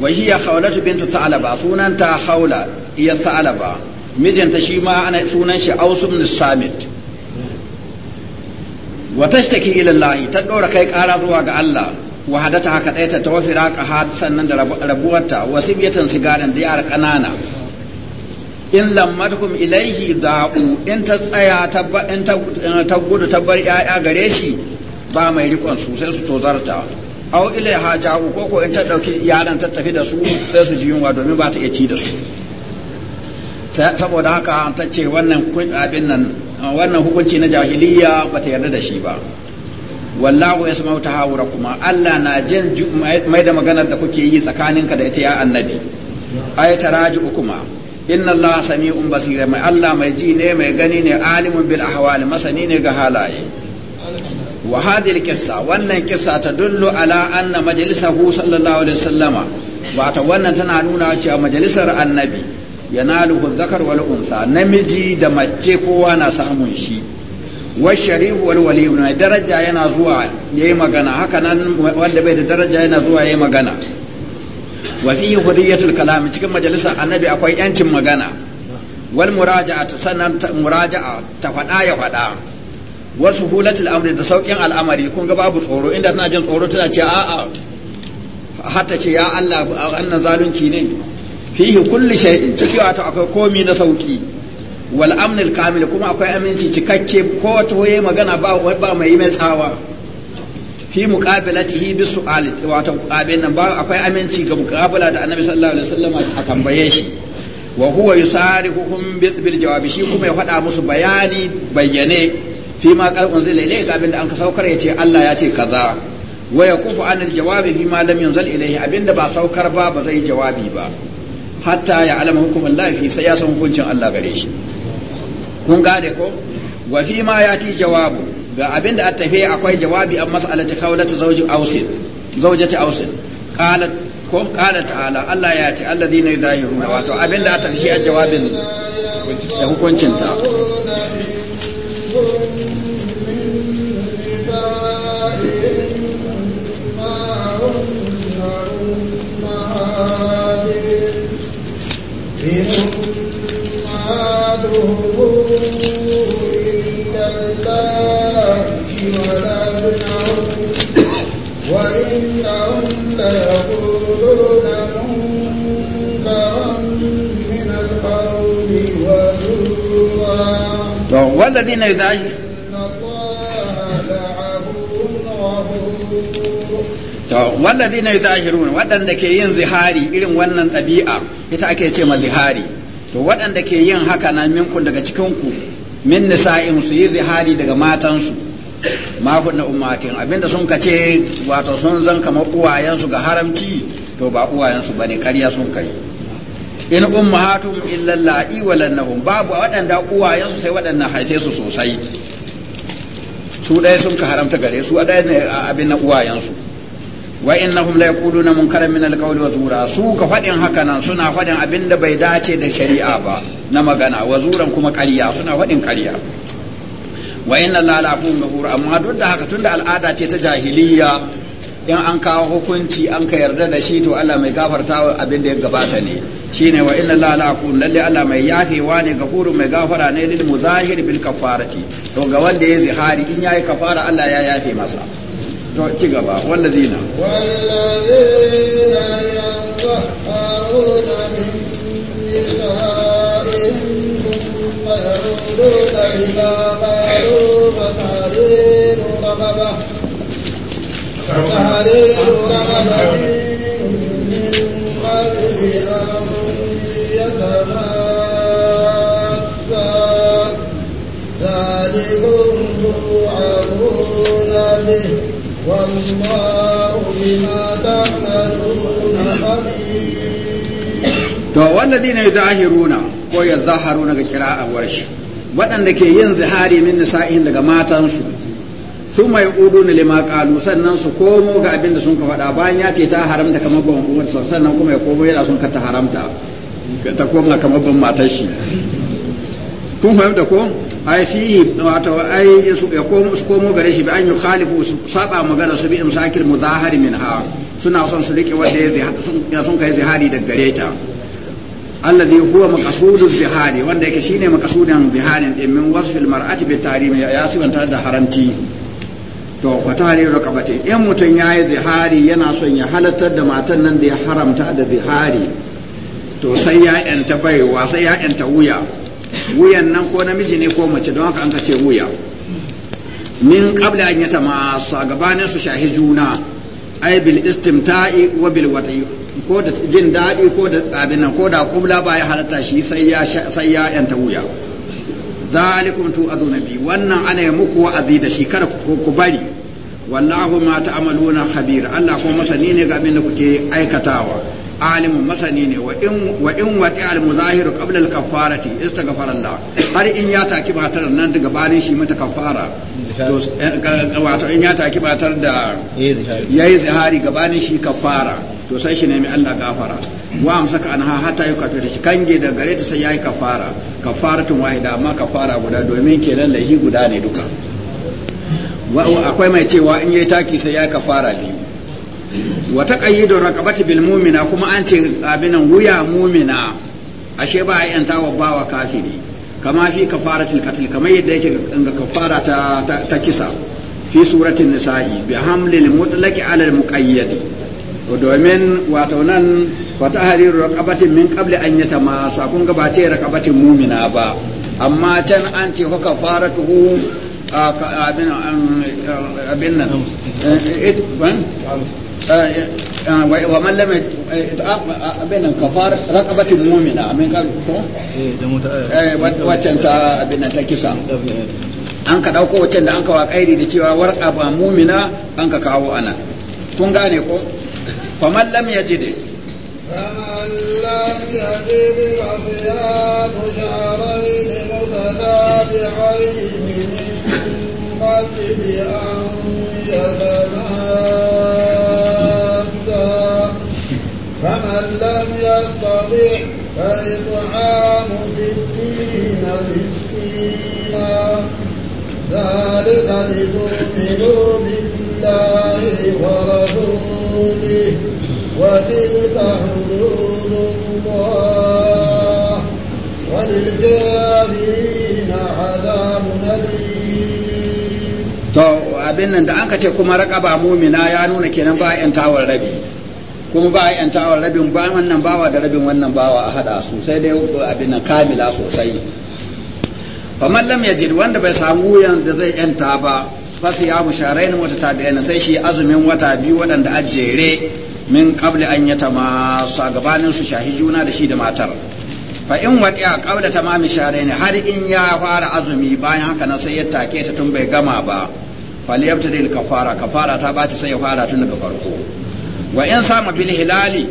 wahiya khawlatu bintu ta'alaba sunanta khawla iya ta'alaba mijinta shi ma ana sunan shi aus ibn samit wa tashtaki ila Allah ta dora kai kara zuwa ga Allah wa hadata haka daita ta wafira ka sannan da rabuwarta wasibiyatan sigaran da yara kanana in lammatkum ilaihi da'u in ta tsaya in ta gudu ta bar 'ya'ya gare shi ba mai rikon su sai su tozarta au ile ha ko ko in ta dauki yaran ta tafi da su sai su ji yunwa domin ba ta iya ci da su saboda haka an ta ce wannan abin nan wannan hukunci na jahiliya ba ta yarda da shi ba wallahu yasma ta hawura kuma Allah na jin mai da maganar da kuke yi tsakaninka da ita ya annabi ay taraji kuma inna Allah sami'un basira mai Allah mai ji ne mai gani ne alimun bil ahwal masani ne ga halaye wa hadhihi wannan kisa ta dullu ala anna majlisahu sallallahu alaihi wasallama wato wannan tana nuna cewa majalisar annabi yanaluhu zakar wal unsa namiji da mace kowa na samun shi wa sharifu wal wali daraja yana zuwa yayi magana haka nan wanda bai da daraja yana zuwa yayi magana wa fi hurriyatul kalam cikin majalisar annabi akwai yancin magana wal muraja'a sannan muraja'a ta faɗa ya faɗa wasu hulatul amri da saukin al'amari kun ga babu tsoro inda tana jin tsoro tana ce a'a hatta ce ya Allah annan zalunci ne fihi kulli shay'in ciki wato akwai komi na sauki wal amnul kamil kuma akwai aminci cikakke ko wato yayi magana ba ba mai mai tsawa fi muqabilatihi bi wato abin nan ba akwai aminci ga muqabala da annabi sallallahu alaihi wasallam a tambaye shi wa huwa yusarihuhum bil jawabi shi kuma ya faɗa musu bayani bayyane fi ma zai qad ga abin da an ka saukar ya ce Allah ya ce kaza wa yakufu an aljawabi fi ma lam yunzal ilayhi abinda ba saukar ba ba zai jawabi ba hatta ya alama hukumin lafi sai ya san hukuncin Allah gare shi kun gane ko wa fi ma ya yati jawabu ga abinda a tafe akwai jawabi an mas'alati qawlati zawji ausin zawjati ausin qalat ko qala ta'ala Allah ya ce alladhina yudahiruna wato abinda a tafe a jawabin da hukuncin ta والذين إذا والذين waɗanda ke yin zihari irin wannan ɗabi'a ita ake ce ma zihari to waɗanda ke yin haka na minkun daga cikinku min nisa'in su yi zihari daga matansu makon na ummatin abinda sun ka ce wato sun zan kamar uwayensu ga haramci to ba uwayensu bane karya sun kai in ummahatum illa la'i walannahum babu waɗanda uwayensu sai waɗannan haife su sosai su ɗaya sun ka haramta gare su a ɗaya abin na uwayensu wa innahum la yaquluna munkaran min alqawli wa zura su ka fadin haka nan suna fadin abinda bai dace da shari'a ba na magana wa zuran kuma ƙarya suna fadin ƙarya wa inna la lafun ghafur amma duk da haka tunda al'ada ce ta jahiliya in an kawo hukunci an ka yarda da shi to Allah mai gafarta abin da ya gabata ne shine wa inna la lafun lalle Allah mai yafewa ne gafurun mai gafara ne lil muzahir bil kafarati to ga wanda ya zihari in yayi kafara Allah ya yafe masa والذين والذين يطهرون من نسائهم ويعودون لما قالوا فتحرير رغبه فتحرير رغبه من قبل ان يتحاسا ذلكم توعظون به to wallazi ya zahiruna ko ya zaharuna ga a warshi waɗanda ke yin zihari min nisa'in daga matansu su mai udu na lima kalu sannan su komo ga abin da sun ka faɗa bayan ya ce ta haramta kamar ban umar sannan kuma ya komo yana sun ka ta haramta ta koma kamar ban matar shi kun fahimta ko ai fihi wato ai su komo su komo gare shi bi an yukhalifu su saba magana su bi imsakil mudahari min ha suna son su rike wanda ya sun kai zihari da gare ta alladhi huwa maqsudu zihari wanda yake shine maqsudan ziharin din min wasfil mar'ati bi tahrim ya sifanta da haramti to fa tahriru raqabati in mutun yayi zihari yana son ya halartar da matan nan da ya haramta da zihari to sai ya yanta baiwa sai ya yanta wuya wuyan nan ko namiji ne ko mace don haka an ka ce wuya min qabla an yata ma a gabanin su shahi juna ay bil istimta'i wa bil wati ko da jin daɗi ko da abin ko da kubla ba ya halatta shi sai ya sai ya yanta wuya zalikum tu azuna bi wannan ana yi muku wa'azi da shi kada ku bari wallahu ma ta'maluna khabir Allah ko masani ne ga abin da kuke aikatawa alim masani ne wa in wa in wati al muzahir qabla al kafarati istaghfara Allah har in ya taki matar nan daga barin shi mata kafara to eh, wato in ya taki batar da yayi zihari gabanin shi kafara to sai shi nemi Allah gafara wa ka anha hatta yukafira shi kange da gare ta sai yayi kafara kafaratun wahida amma kafara guda domin kenan lahi guda ne duka wa akwai mai cewa in yayi taki sai yayi kafara biyu wa taqayyidu raqabati bil mu'mina kuma an ce abinan wuya mu'mina ashe ba a yanta wa bawa kafiri kama fi kafaratil katil kamar yadda yake ga kafara ta, ta, kisa fi suratul nisa'i bi hamlil mutlaqi ala al muqayyad domin wato nan wa hariru raqabatin min qabli an sa kun ga ba ce raqabatin mu'mina ba amma can an ce fa kafaratuhu abin abin nan eh, eh, eh, wa man lam abin nan kafar raqabatin mu'mina amin ka ko eh waccan ta abin nan ta kisa an ka dauko waccan da an ka wa kairi da cewa warqa ba mu'mina an ka kawo ko man فمن لم يجد فصيام شهرين متتابعين من قبل أن يتاب يستطيع فإطعام ستين مسكينا ذلك لتؤمنوا بالله nan da anka ce kuma raka ba mumina ya nuna kenan ba 'yan tawar rabi. kuma ba a yanta rabin ba wannan bawa da rabin wannan bawa a hada sosai, sai dai abin nan kamila sosai faman lam yajid wanda bai samu wuyan da zai yanta ba fasu ya ta wata tabi'in sai shi azumin wata biyu waɗanda a min qabli an yata ma sa gabanin su shahi juna da shi da matar fa in a qabla tamami ne, har in ya fara azumi bayan haka nan sai ya take ta tun bai gama ba dil kafara kafara ta ba ta sai ya fara tun daga farko wa in sama bil hilali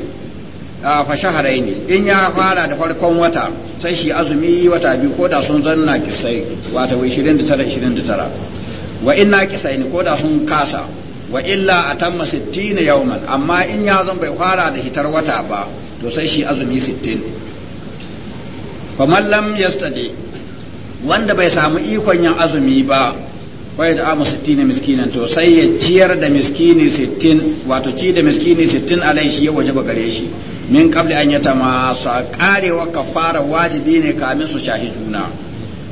fa shahrayn in ya fara da farkon wata sai shi azumi wata biyu ko da sun zanna kisai wata 29 29 wa inna ne ko da sun kasa wa illa atamma 60 yawman amma in ya zan bai fara da hitar wata ba to sai shi azumi 60 faman lam yastati wanda bai samu ikon yin azumi ba wai da amu sittina miskinan to sai ya ciyar da miskini sittin wato ci da miskini sittin alai shi ya waje ba gare shi min kabli an yata masa karewa kafara wajibi ne kamin su shahi juna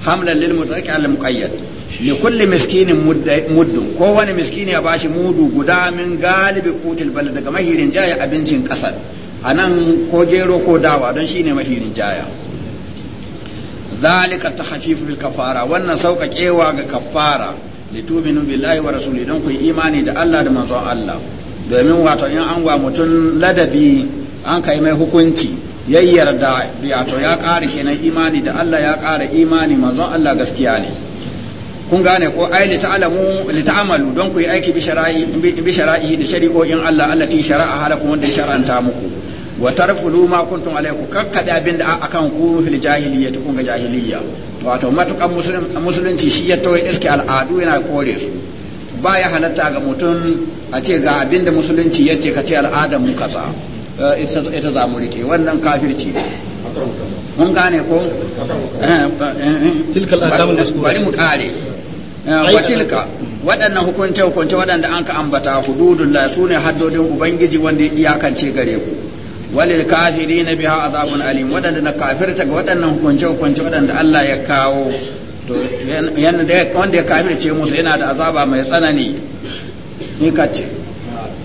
hamlan lil mutarki al muqayyad li kulli miskinin muddun ko wani miskini ya bashi mudu guda min galibi kutil bal daga mahirin jaya abincin kasar anan ko gero ko dawa don shine mahirin jaya zalika tahfifu fil kafara wannan sauƙaƙewa ga kafara litu'minu billahi wa rasuli don ku imani da Allah da manzon Allah domin wato in an wa mutum ladabi an kai mai hukunci ya yarda wato ya ƙara kenan imani da Allah ya ƙara imani manzon Allah gaskiya ne kun gane ko ai li ta'lamu li ta'malu don ku aiki bi shara'i bi shara'i da shari'o'in Allah allati shara'a halakum wanda shar'anta muku wa tarfulu ma kuntum alayku kakkada abinda akan ku fil jahiliyyah kun ga jahiliyya wato matukan musulunci shi ya tawai iske al'adu yana kore su ba ya halatta ga mutum a ce ga abin da musulunci ya ce ka ce al'adar mu kaza eh, ita za mu rike wannan kafirci ne mun gane ko eh, eh, bari mu kare watilka waɗannan hukunce hukunce waɗanda an ka ambata hududullah su ne haddodin ubangiji wanda iyakance gare ku walil kafirina biha azabun alim wadanda na kafirta ga waɗannan hukunce hukunce waɗanda Allah ya kawo to yana da wanda ya kafirce musu yana da azaba mai tsanani ni kace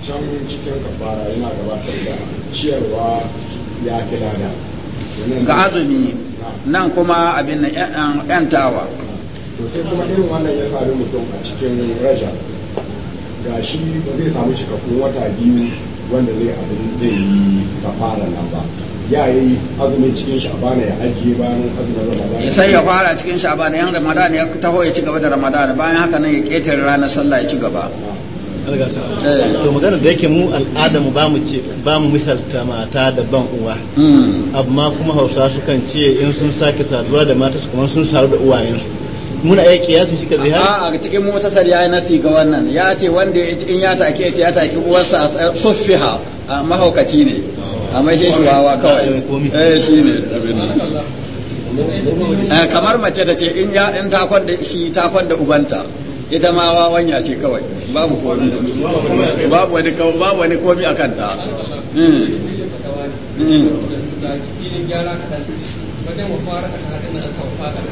can cikin kafara yana gabatar da ciyarwa ya fi lada ga azumi nan kuma abin nan yantawa to sai kuma irin wannan ya sami mutum a cikin raja ga shi ba zai samu cikakkun wata biyu wanda zai abin zai yi fara nan ba ya yi azumin cikin sha'bana ya ajiye bayan azumin ramadana sai ya fara cikin sha'bana yan ramadana ya taho ya ci gaba da ramadana bayan haka nan ya ketar ranar sallah ya ci gaba eh. to magana da yake mu al'ada mu ba mu ce ba mu misalta mata da ban uwa hmm. amma kuma hausa su kan ce in sun sake saduwa da mata su kuma sun saru da uwayensu muna ya kiyasin shi ka zai a cikin mutasar ya yi nasi ga wannan ya ce wanda in ya take ya take uwarsa a suffiha mahaukaci ne a mai shi shuwawa kawai eh shi ne eh, kamar mace ta ce in ya in ta kwanda shi ta kwanda ubanta ita ma wawanya ce kawai babu komi babu wani kawai babu wani komi a kanta filin hmm. hmm. gyara kaɗan wajen mafara a kaɗan na saufa kaɗan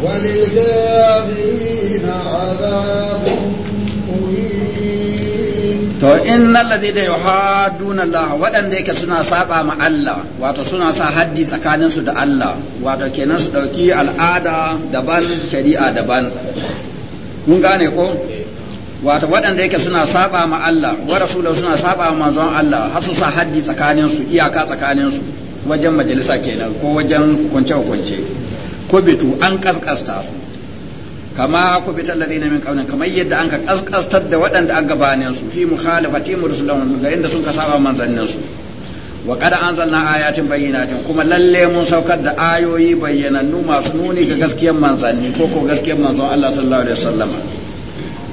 to عذاب to da ladina yuhadduna Allah waɗanda yake suna saba ma Allah wato suna sa haddi tsakanin su da Allah wato kenan su dauki al'ada daban shari'a daban kun gane ko wato waɗanda yake suna saba ma Allah wa suna saba ma manzon Allah har su sa haddi tsakanin su iyaka tsakanin su wajen majalisa kenan ko wajen hukunce hukunce kubitu an kaskasta su kama da ladina min kaunin kamar yadda an ka kaskastar da waɗanda an gabanin su fi mukhalafati mursalun ga inda sun ka saba manzannin su wa an zanna ayatin bayyinatin kuma lalle mun saukar da ayoyi bayyanannu masu nuni ga gaskiyar manzanni ko ko gaskiyar manzon Allah sallallahu alaihi wasallama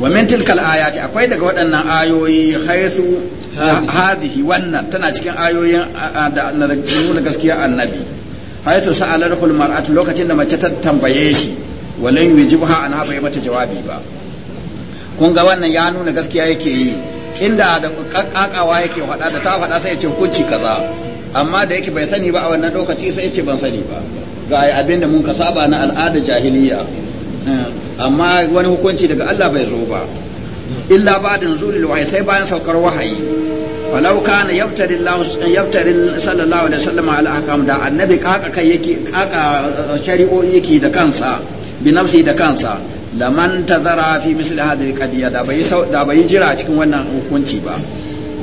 wa min tilkal ayati akwai daga waɗannan ayoyi haisu hadhihi wannan tana cikin ayoyin da nuna gaskiyar annabi haythu sa'alatul mar'atu lokacin da mace ta tambaye shi walan yujibha ana bai mata jawabi ba kun ga wannan ya nuna gaskiya yake yi inda da kakkawa yake faɗa da ta faɗa sai ya ce hukunci kaza amma da yake bai sani ba a wannan lokaci sai ya ce ban sani ba ga abin da mun ka saba na al'ada jahiliya amma wani hukunci daga Allah bai zo ba illa ba da nuzulil wahayi sai bayan saukar wahayi walau kana yabtari Allah yabtari sallallahu alaihi wasallam ala ahkam da annabi kaka kai yake kaka shari'o'i yake da kansa bi nafsi da kansa laman tazara fi misli hadhihi qadiya da bai da bai jira cikin wannan hukunci ba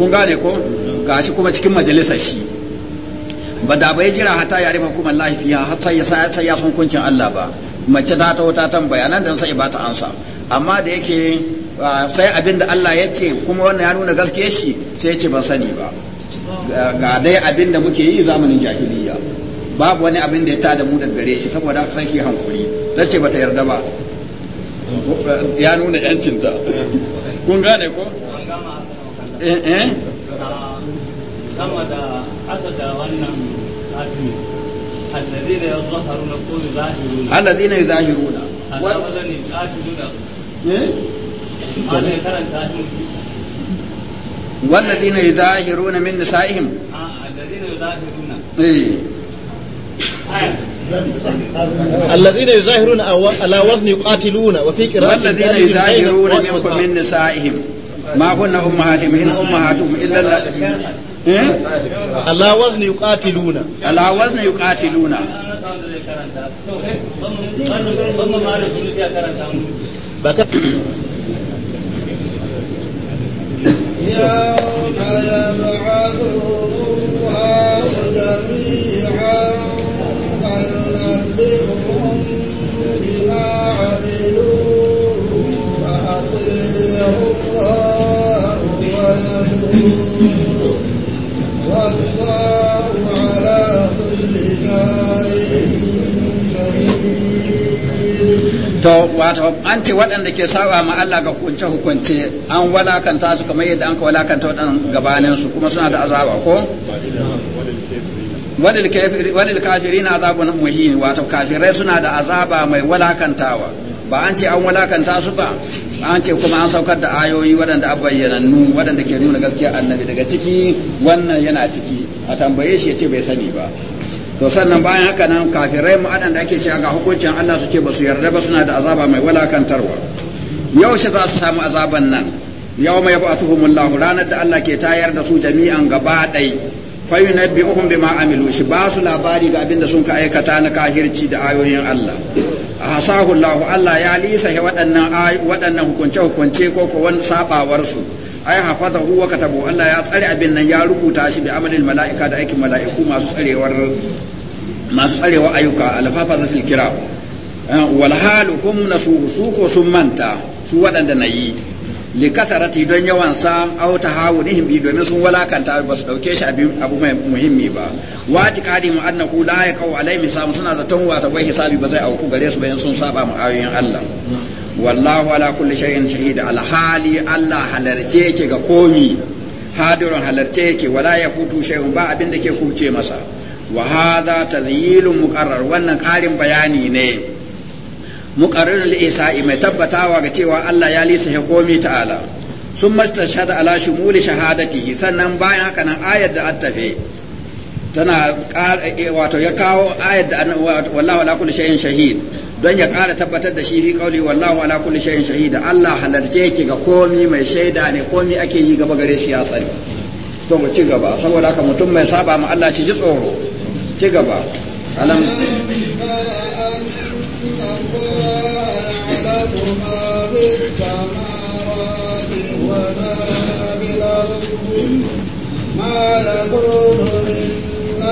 kun gane ko gashi kuma cikin majalisar shi ba da bai jira hata ya rufe kuma lafiya fiya hatta ya sai ya san kuncin Allah ba mace ta ta tambaya nan dan sai ba ta amsa amma da yake sai abin da Allah ya ce kuma wannan ya nuna gaske shi sai ya ce ban sani ba ga dai abin da muke yi zamanin jahiliya babu wani abin da ya da mu daga gare shi saboda haka sai ki hankuri ta ce bata yarda ba ya nuna yancinta kun gane ko eh eh sama da da wannan hadisi alladhina yuzahiruna qulu zahiruna alladhina yuzahiruna wa alladhina yuqatiluna والذين يظاهرون من نسائهم إيه. الذين يظاهرون الذين يظاهرون على وزن يقاتلون وفي قراءة والذين يظاهرون منكم من نسائهم ما هن امهاتهم ان امهاتهم الا الله إيه؟ على وزن يقاتلون على وزن يقاتلون بكت يوم يبعثهم الله جميعا فينبئهم بما عملوا فأطيعوا الله ورسوله والله to wato an ce waɗanda ke saba ma Allah ga hukunce hukunce an walakanta su kamar yadda an ka walakanta waɗannan gabanin su kuma suna da azaba ko wadil kafiri na azabun muhin wato kafirai suna da azaba mai walakantawa ba an ce an walakanta su ba an ce kuma an saukar da ayoyi waɗanda a bayyanannu waɗanda ke nuna gaskiya annabi daga ciki wannan yana ciki a tambaye shi ya ce bai sani ba to sannan bayan haka nan kafirai mu da ake cewa ga hukuncin Allah suke ba su yarda ba suna da azaba mai walakantarwa Yau shi za su samu azaban nan yau mai ba'athuhumullahu ranar da Allah ke tayar da su jami'an gaba ɗai fa yunabbi'uhum bima amilu shi ba su labari ga abin da sun ka aikata na kahirci da ayoyin Allah a hasahu Allah Allah ya lisa waɗannan wadannan hukunce hukunce ko ko wani sabawar su ai hafata huwa katabu Allah ya tsare abin nan ya rubuta shi bi amalin mala'ika da aikin mala'iku masu tsarewar masu tsarewa ayyuka alfafa zatil kira wal halu hum nasuhu su sun manta su waɗanda na yi li katarati don yawan sa aw tahawunihim bi domin sun walakanta ba su dauke shi abu mai muhimmi ba wa tiqadi mu annahu la yaqau alai misam suna zaton wa ta wai hisabi ba zai auku gare su bayan sun saba mu ayoyin Allah wallahu ala kulli shay'in shahida alhali Allah halarce yake ga komi hadirun halarce yake wala ya futu shay'un ba abin da ke kuce masa wa hadha tadhyilun muqarrar wannan karin bayani ne muqarrar al-isa'i mai tabbatawa ga cewa Allah ya lisa ya komi ta'ala sun mastashhada ala shumuli shahadatihi sannan bayan haka nan ayat da attafe tana eh, wato ya kawo ayat da wallahu ala kulli shay'in shahid don ya ƙara tabbatar da shi fi kauli wallahu ala kulli shay'in shahida Allah halarce yake ga komi mai shaida ne komi ake yi gaba gare shi ya sani to mu ci gaba saboda haka mutum mai saba ma Allah shi ji tsoro ci gaba alam ما يكون من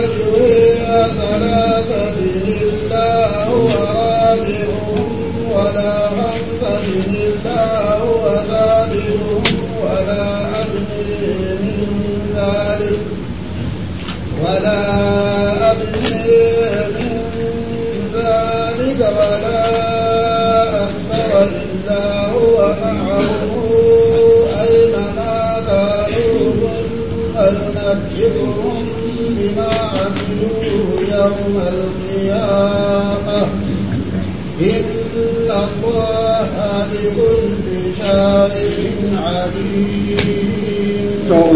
وجهي فلا تجد الله رابعهم ولا خمسة إلا هو سادسهم ولا أدني من ذلك ولا أدني من ذلك ولا أكثر إلا هو معه أينما كانوا ثم يوم القيامة إن الله بكل شيء عليم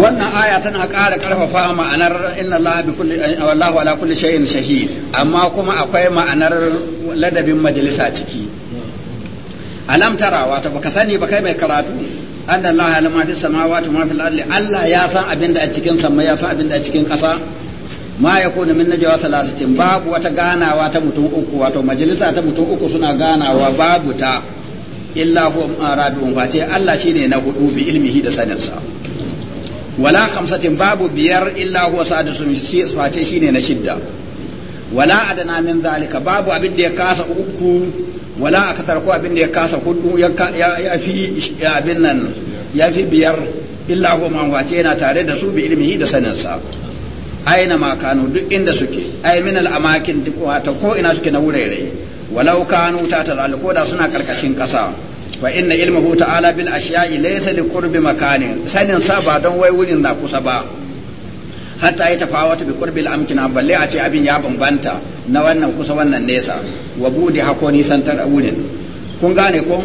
wannan aya tana ƙara ƙarfafa ma'anar inna Allah bi kulli wallahu ala kulli shay'in shahid amma kuma akwai ma'anar ladabin majalisa ciki alam tara wato baka sani ba kai mai karatu anna Allah alama fi samawati ma fil ardi Allah ya san abinda a cikin sama ya san abinda a cikin ƙasa ma ya kone min na najawa salasatin babu wata ganawa ta mutum uku wato majalisa ta mutum uku suna ganawa babu ta illa huwa rabi'un face Allah shine na hudu bi ilmihi da saninsa wala khamsatin babu biyar illa huwa sadisun face shine na shidda wala adana min zalika babu abin da ya kasa uku wala akatar ko abin da ya kasa hudu ya fi abin nan ya fi biyar illa huwa ma wace yana tare da su bi ilmihi da saninsa aina ma kanu duk inda suke ai min al amakin duk wato ko ina suke na wurare walau kanu ta talal ko da suna karkashin kasa wa inna ilmuhu ta'ala bil ashiya'i laysa li qurbi makanin sanin sa ba don wai wurin na kusa ba hatta ya tafawata bi qurbi al amkina balle a ce abin ya bambanta na wannan kusa wannan nesa wa budi hako santar tar wurin kun gane ko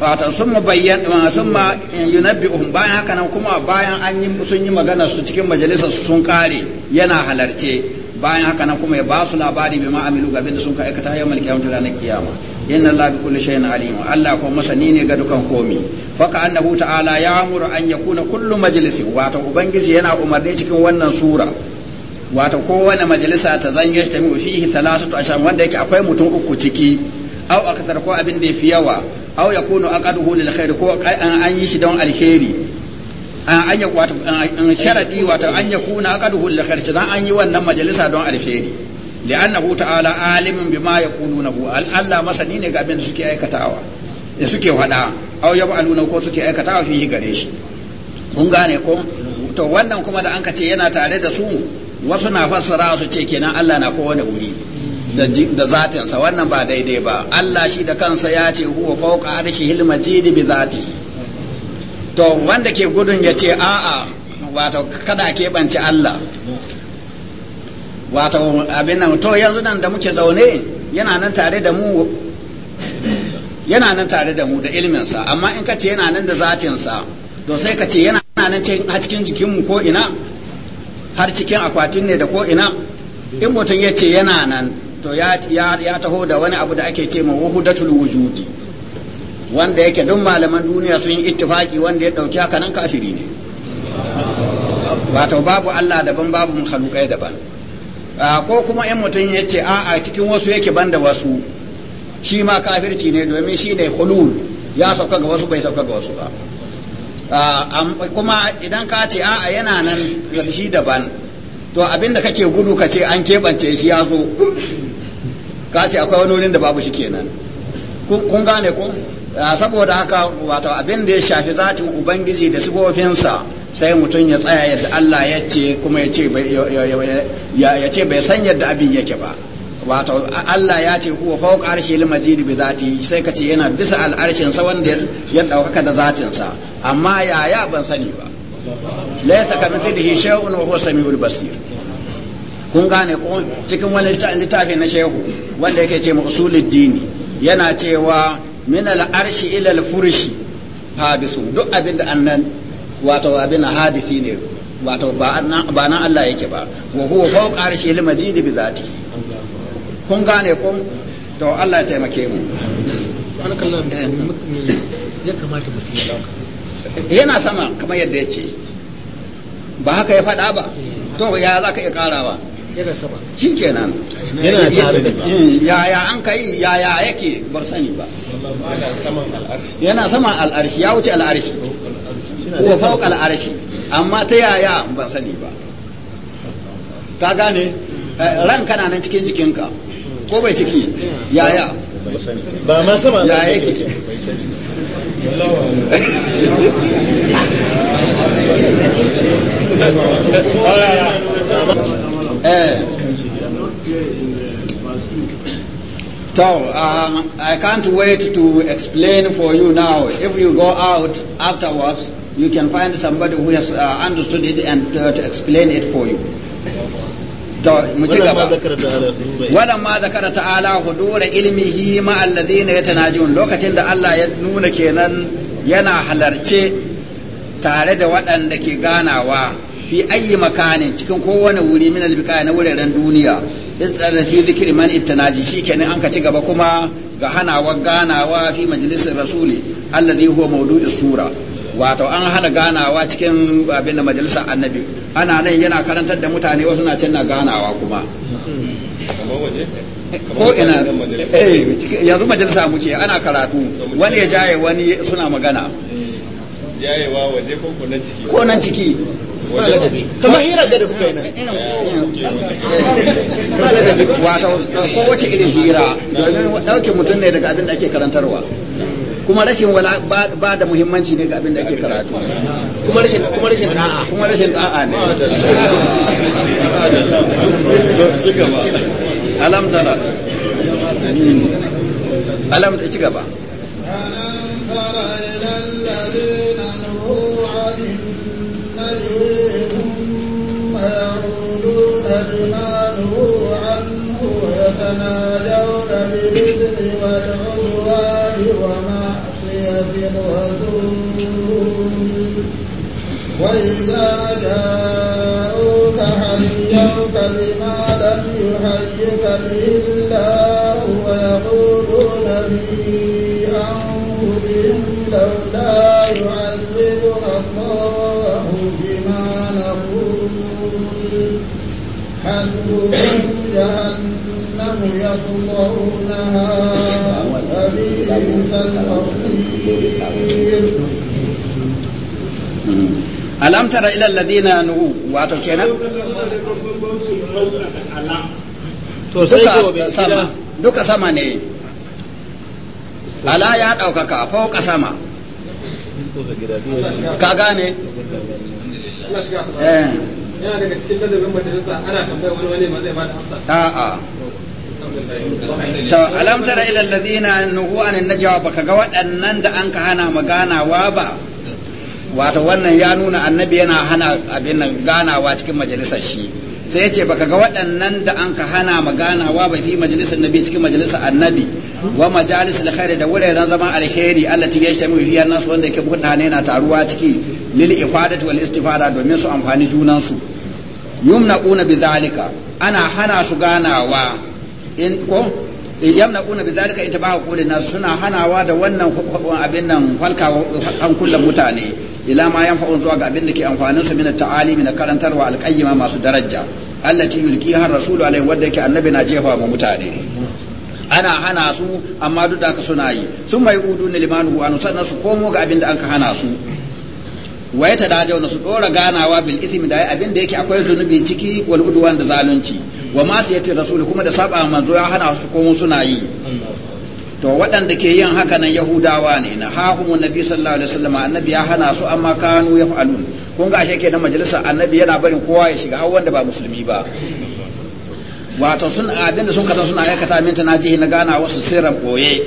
wato sun mu bayyana sun ma yunabbi'uhum bayan haka nan kuma bayan an yi sun yi magana su cikin majalisar sun kare yana halarce bayan haka nan kuma ya ba su labari bi amilu ga abinda sun ka aikata yau mulki yawon na kiyama inna Allah bi kulli shay'in alim Allah kuma masani ne ga dukan komi faka annahu ta'ala ya amuru an yakuna kullu majlisi wato ubangiji yana umarni cikin wannan sura wato kowane majalisa ta zanye ta mu fihi thalathatu asham wanda yake akwai mutum uku ciki au akthar ko abin da yafi yawa aw yakunu aqaduhu lil khair ko an yi shi don alheri an ya wato sharadi wato an yakuna aqaduhu lil khair zan an yi wannan majalisa don alheri annahu ta'ala alimin bima hu Allah masani ne ga abin da suke aikatawa da suke fada aw aluna ko suke aikatawa fi gare shi kun gane ko to wannan kuma da an ka ce yana tare da su wasu na fassara su ce kenan Allah na kowane wuri da zatinsa wannan ba daidai ba Allah shi da kansa ya ce huwa fauka hilma majid bi zati to wanda ke gudun ya ce a'a wato kada ke banci Allah wato abin nan to yanzu nan da muke zaune yana nan tare da mu yana nan tare da mu da ilminsa amma in ka ce yana nan da zatinsa to sai ka ce yana nan cikin jikinmu ko ina har cikin akwatin ne da ko ina in mutum ya ce yana nan to ya ya taho da wani abu da ake ce ma wuhudatul wujudi wanda yake duk malaman duniya sun yi ittifaki wanda ya dauki haka nan kafiri ne wato babu Allah daban babu mukhaluqai daban ko kuma in mutum ya ce a'a cikin wasu yake banda wasu shi ma kafirci ne domin shi ne hulul ya sauka ga wasu bai sauka ga wasu ba kuma idan ka ce a'a yana nan shi daban to abinda kake gudu ka ce an keɓance shi ya zo ka ce akwai wani wurin da babu shi kenan kun gane ko ah, saboda haka wato abin da ya shafi zatin ubangiji da sifofinsa sai mutum ya tsaya yadda Allah ya ce kuma ya ce bai san yadda abin yake ba wato Allah ya ce huwa fawq arshil majid bi zati sai ka ce yana bisa al'arshen sa wanda ya ɗaukaka da zatin sa amma yaya ban sani ba laysa kamithlihi shay'un wa huwa samiul basir kun gane ko cikin wani littafi na shehu wanda yake ce usulul dini yana cewa min al'arshi arshi ila al-furshi habisu duk abin da annan wato abin hadithi ne wato ba na Allah yake ba wa huwa fawqa arshi ila majid bi zati kun gane kun to Allah ya taimake mu ya kamata mutum ya dauka yana sama kamar yadda ya ce ba haka ya faɗa ba eh. to ya za ka iya ƙarawa yana sama shi kenan yana tare da ba hmm, yaya an kai yaya yake bar sani ba yana saman al'arshi ya wuce al'arshi wa fauka al'arshi amma ta yaya ban sani ba ka gane eh, ran kana nan cikin jikinka ko bai ciki yaya ba ma sama yaya yake Allah So, eh. um, I can't wait to explain for you now. If you go out afterwards, you can find somebody who has uh, understood it and uh, to explain it for you. ولما ذكر تعالى حضور علمه مع الذين يتناجون lokacin da Allah ya nuna kenan yana halarce tare da waɗanda ke ganawa fi ayi makanin cikin kowane wuri min albikaya na wuraren duniya istana fi zikri man ittanaji shikenan an ka ci gaba kuma ga hanawa ganawa fi majalisar rasuli alladhi huwa mawdu'i sura wato an hana ganawa cikin abin da majalisar annabi ana nan yana karantar da mutane wasu na can na ganawa kuma ko ina eh yanzu majalisa muke ana karatu wani ya jaye wani suna magana jayewa waje ko nan ciki ko nan ciki kamar hira da kuka yi Wata kowace irin hira domin ɗauke mutum ne daga abin da ake karantarwa kuma rashin wala ba da muhimmanci ne ga abin da ake karatu kuma rashin kuma rashin da'a kuma rashin da'a ne alam dara alam ci gaba ينادون بالإثم والعدوان ومعصية الرسول وإذا جاءوك حيوك بما لم يحيك به الله ويقولون في أنفسهم لولا يعذبنا الله بما نقول حسبهم جهنم يصلونها فبئس المصير alam tara ila nu wato kenan to sai sama duka sama ne ala ya daukaka fauka sama yana daga cikin ladabin majalisa ana tambaya wani wani ma zai ba da amsa a'a to alam tara ila alladhina nuhu an najwa baka ga waɗannan da an ka hana maganawa ba wato wannan ya nuna annabi yana hana abin nan ganawa cikin majalisar shi sai yace ce baka ga waɗannan da an ka hana maganawa ba fi majalisar nabi cikin majalisar annabi wa majalis alkhairi da wuraren zaman alkhairi allati yajtamu fiha nasu wanda yake mutane na taruwa ciki lil ifadati wal istifada domin su amfani junan su yumna'una bidhalika ana hana su ganawa in ko eh, yamna'una bidhalika tabahu qulin nas suna hanawa da wannan abin nan falka an kullum mutane ila ma yanfa'un zuwa ga abin da ke amfanin su min ta'alimi na karantarwa alqayyima masu daraja allati har rasulu alaihi wa yake annabi na jefa ma mutane ana hana su amma duk da ka suna yi sun mai udu ne limanu sannan su komo ga abin da an ka hana su ta dajo na su dora ganawa bil ithmi da abin da yake akwai zunubi ciki wal udwan da zalunci wa masiyati rasul kuma da saba manzo ya hana su ko suna yi to waɗanda ke yin haka nan yahudawa ne na hahumun nabi sallallahu alaihi wasallam annabi ya hana su amma kanu yaf'alun kun ga ashe kenan majalisar annabi yana barin kowa ya shiga har wanda ba musulmi ba wato sun abinda sun kasan suna aikata minta na jihi na gana wasu sirran boye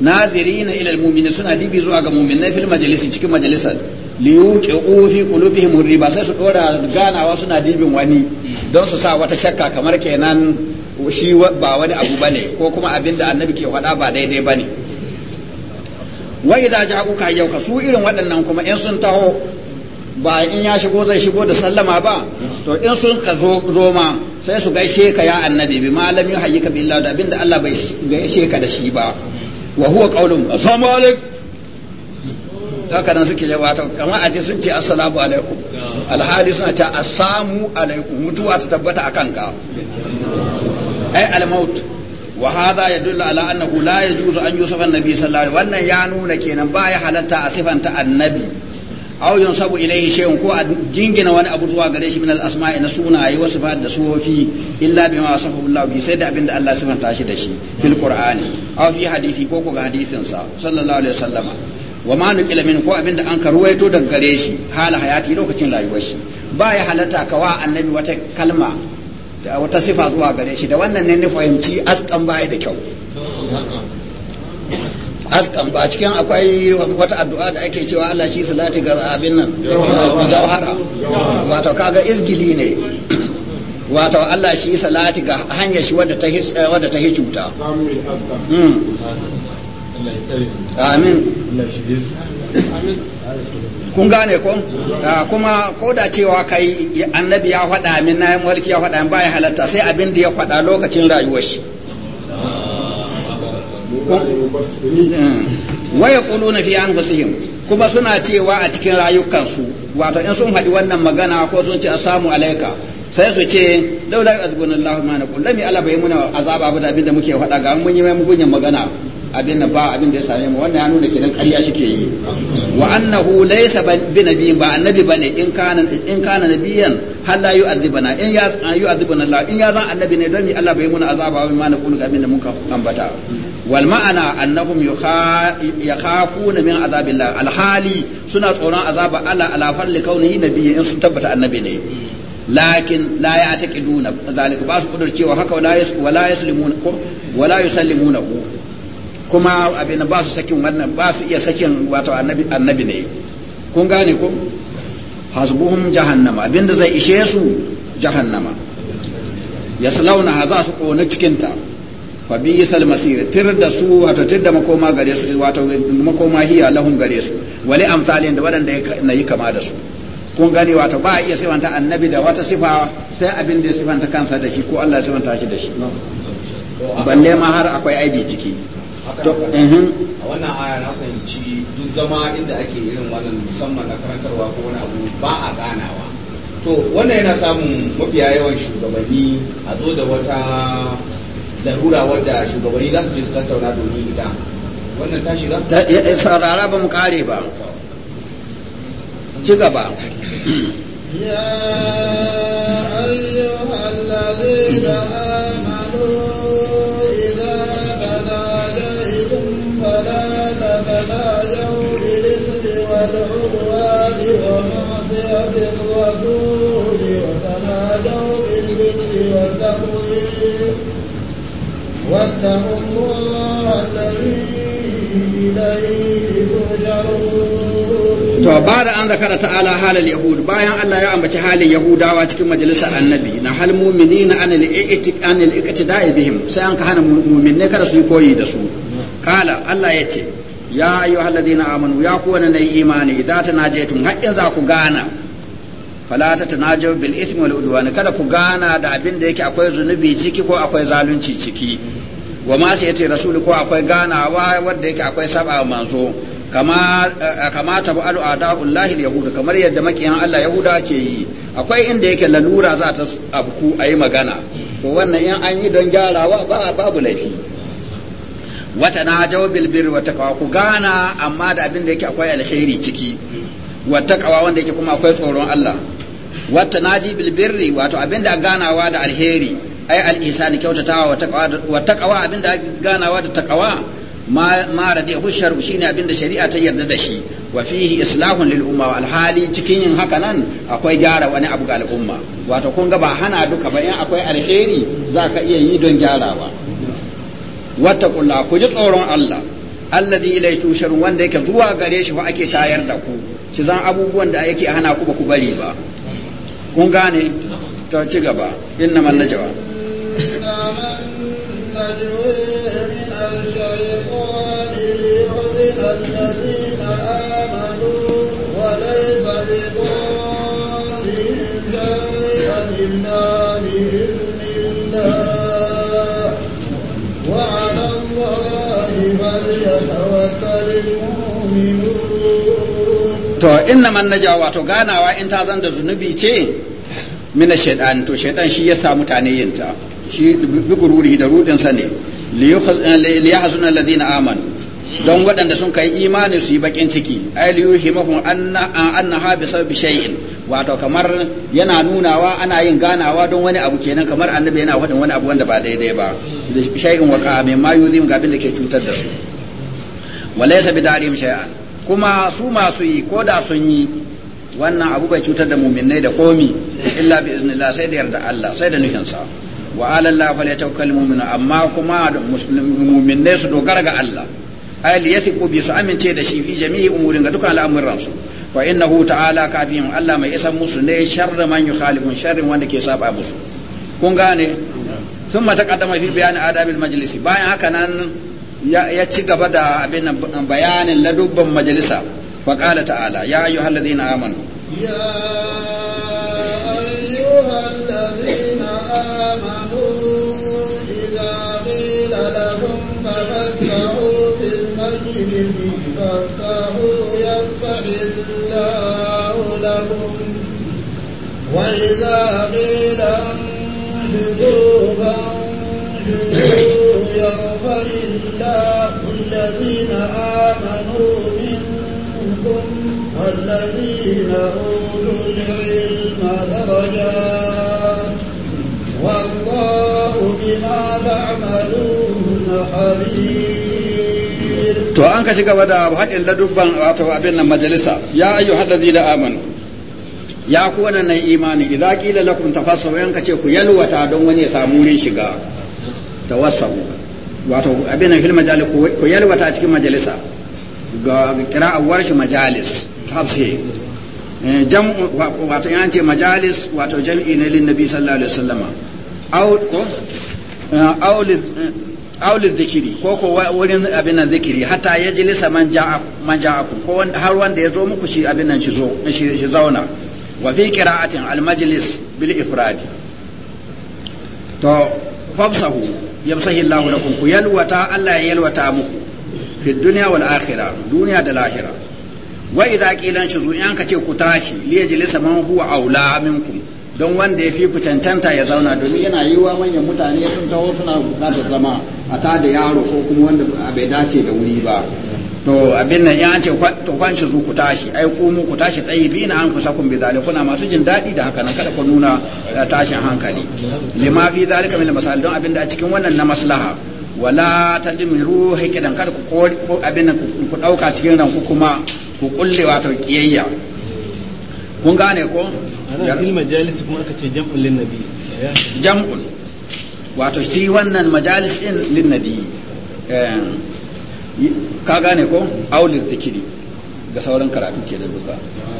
nadirina ila almu'minin suna dibi zuwa ga mu'minai fil majalisi cikin majalisar liyuki ufi murri ba sai su dora ganawa suna dibin wani don su sa wata shakka kamar kenan shi ba wani abu bane ko kuma abin da annabi ke faɗa ba daidai bane wa idza ja'uka yauka su irin waɗannan kuma in sun taho ba in ya shigo zai shigo da sallama ba to in sun ka zo ma sai su gaishe ka ya annabi bi malam yuhayyika billahi da abin da Allah bai gaishe ka da shi ba wa huwa qaulun assalamu haka nan suke jaba ta kamar a ce sun ce assalamu alaikum alhali suna ce assamu alaikum mutuwa ta tabbata akan ka ai almaut wa hadha yadullu ala annahu la yajuzu an yusafa annabi sallallahu alaihi wannan ya nuna kenan ba ya halatta a sifanta annabi aw yunsabu ilayhi shay'un ko a gingina wani abu zuwa gare shi min al asma'i na sunaye wa sifat da sufofi illa bima wasafahu Allah bi sai da abinda Allah sifanta shi da shi fil qur'ani aw fi hadisi ko ko ga hadisin sa sallallahu alaihi wasallama wa ma nuqila min ko abinda an ka ruwaito daga gare shi hala hayati lokacin rayuwar shi ba ya halatta kawa annabi wata kalma da wata sifa zuwa gare shi da wannan ne ni fahimci askan baya da kyau askan ba cikin akwai wata addu'a da ake cewa Allah shi salati ga abin nan jawhara wato kaga izgili ne wato Allah shi salati ga hanyar shi wadda ta wadda ta hicuta amin kun gane ko ah, kuma ko da cewa kai annabi ya faɗa min na mulki ya faɗa min baya halatta sai abin da ya faɗa lokacin rayuwar shi hmm. waya na fi kuma suna cewa a cikin rayukansu wato in sun haɗi wannan magana ko sun a samu alaika sai su ce laula azbunallahu ma naqul lami ala bayyana azaba abin da muke faɗa ga mun yi mai mugunyan magana abin ba abin da ya same mu wannan ya nuna kenan ƙarya shike yi wa annahu laysa bi nabiyin ba annabi bane in kana in kana nabiyan hal la yu'adhibuna in ya yu'adhibuna Allah in ya zan annabi ne don Allah bai muna azaba ba ma na kullu abin da muka ambata wal ma'ana annahum yakhafuna min azabillah al hali suna tsoron azaba Allah ala farli kaunihi nabiyyin in sun tabbata annabi ne lakin la ya taqiduna zalika ba su kudurcewa haka wala yaslimun wala yusallimunahu kuma abin ba su sakin wannan ba su iya sakin wato annabi annabi ne kun gane ko hasbuhum jahannama abinda zai ishe su jahannama yaslawna za su kona cikin ta fa bisal masir tir da su wato tir da makoma gare su wato makoma hiya lahum gare su wali amsalin da wadanda na yi kama da su kun gane wato ba a iya sifanta annabi da wata sifa sai abin da ya sifanta kansa da shi ko Allah ya sifanta shi da shi balle ma har akwai aibi ciki to mhm. a wannan aya na fahimci duk zama inda ake irin wannan musamman na karantarwa ko wani abu ba a ganawa to wannan yana samun mafiya yawan shugabanni a zo da wata larura wadda shugabanni za su je su tattauna domin ita wannan ta shiga saurara ba mu kare ba ci gaba يا أيها الذين واتقوا الله الذي إليه to ba da an zakara ta'ala halal yahud bayan Allah ya ambaci halin yahudawa cikin majalisar annabi na hal mumini na anil itiq an iqtidai bihim sai an ka hana mu'minne kada su yi koyi da su kala Allah ya ce ya ladina amanu ya kuwa na imani idza tanajaytum har in za ku gana fala ta tanajaw bil ithmi wal udwan kada ku gana da abin da yake akwai zunubi ciki ko akwai zalunci ciki wa ma sai yace rasul ko akwai ganawa wanda yake akwai saba manzo kama eh, kama ada adaullahi al yahud kamar yadda makiyan Allah yahuda ke yi akwai inda yake lalura za ta abku ayi magana to wannan in an yi don gyarawa ba babu laifi wata na jawo bilbir wata kawa ku gana amma da abin da yake akwai alheri ciki wata kawa wanda yake kuma akwai tsoron Allah wata naji bil birri wato abinda ganawa da alheri ai al'isa ihsani kyautatawa wa takawa abin da ganawa da taqwa ma ma radi hushar shine abinda shari'a ta yarda da shi wa fihi islahun lil umma wal hali cikin yin haka nan akwai gyara wani abu ga al'umma wato kun ga ba hana duka ba in akwai alheri za ka iya yi don gyarawa kula ku ji tsoron Allah alladhi ilayhi tusharun wanda yake zuwa gare shi fa ake tayar da ku shi zan abubuwan da yake hana ku ba ku bari ba kun gane ta ci gaba inna man najwa وعلى الله فليتوكل المؤمنون to inna man naja wato ganawa in ta zan da zunubi ce mina shaidan to shaidan shi ya sa mutane yin ta shi bi gururi da rudin sa ne li yahzuna alladhina amanu don waɗanda sun kai imani su yi bakin ciki ay li yuhimahum anna anna ha bi sabbi shay'in wato kamar yana nunawa ana yin ganawa don wani abu kenan kamar annabi yana faɗin wani abu wanda ba daidai ba shay'in waqa mimma yuzim gabin da ke cutar da su walaysa bi darihim shay'an kuma su masu yi ko da sun yi wannan abu bai cutar da muminai da komi illa bi iznillah sai da yarda Allah sai da nuhinsa wa ala Allah fa yatawakkal mu'minu amma kuma muminai su dogara ga Allah ay li yathiqu bi su amince da shi fi jami'i umurin ga dukkan al'amuran su wa innahu ta'ala kadhim Allah mai isan musu ne sharri man yukhalifun sharrin wanda ke saba musu kun gane ثم تقدم في بيان آداب المجلس bayan haka nan. ya ci gaba da abin bayanin ladubban majalisa faƙala ta'ala ya ayyu hallazi na amanu ya ayyu hallazi na amanu idza qila lahum tafassahu fil majlisi fafsahu yafsahillahu lakum wa idza qila انشدوا فانشدوا الله الذين آمنوا منكم والذين أوتوا العلم درجات والله بما تعملون خبير to an ka shiga da haɗin ladubban wato abin nan majalisa ya ayyu hallazi da ya ku wannan imani idza qila lakum tafassahu wayan ka ce ku yalwata don wani ya samu wurin shiga tawassahu wato abin fil majalis ko yalwata a cikin majalisa ga kira'ar warshi majalis hafse eh, jam wato yana ce majalis wato jam'i ne lin nabi sallallahu alaihi wasallama aw ko eh, aulid eh, zikiri ko ko wurin abin nan zikiri hatta ya ji lisa man ku ko har wanda ya zo muku shi abin nan shi zo shi zauna wa fi qira'atin al majlis bil ifradi to fafsahu yamsahi Allahu lakum ku yalwata Allah ya yalwata muku fi dunya wal akhirah duniya da lahira wa idza qilan shuzu in ka ce ku tashi li yajlisa man huwa aula minkum don wanda ya fi ku cancanta ya zauna domin yana yiwa manyan mutane sun taho suna bukatar zama a ta da yaro ko kuma wanda bai dace da wuri ba to abin nan ya ce to kwanci zu ku tashi ai ku mu ku tashi dai bi na an ku kun bi zalika kuna masu jin daɗi da haka nan kada ku nuna eh, tashin hankali lima fi zalika min masal don abin da a cikin wannan na maslaha wala tadmiru hikidan kada ku ko abin nan ku dauka cikin ku kuma ku kulle wato kiyayya kun gane ko ana fil majalis kuma aka ce jam'un lin nabi jam'un wato shi wannan majalis din lin nabi eh, ka gane ko aulir zikiri da sauran karatu ke da duka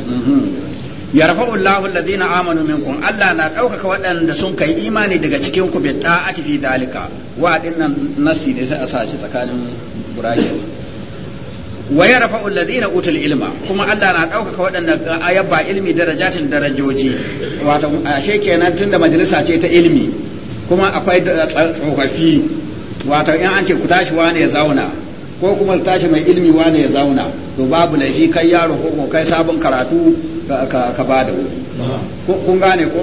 mhm. yarfa'u Allahu alladhina amanu minkum Allah na ɗaukaka waɗanda sun kai imani daga cikin ku bi ta'ati fi dalika wa dinnan nasi ne sai a sashi tsakanin burake wa yarfa'u alladhina utul ilma kuma Allah na ɗaukaka waɗanda ayaba ilmi darajatin darajoji wato ashe kenan tunda majalisa ce ta ilmi kuma akwai tsofaffi wato in an ce ku tashi wane ya zauna ko kuma tashi mai ilmi wane ya zauna to babu laifi kai yaro ko kuma kai sabon karatu ka ba da wuri kun gane ko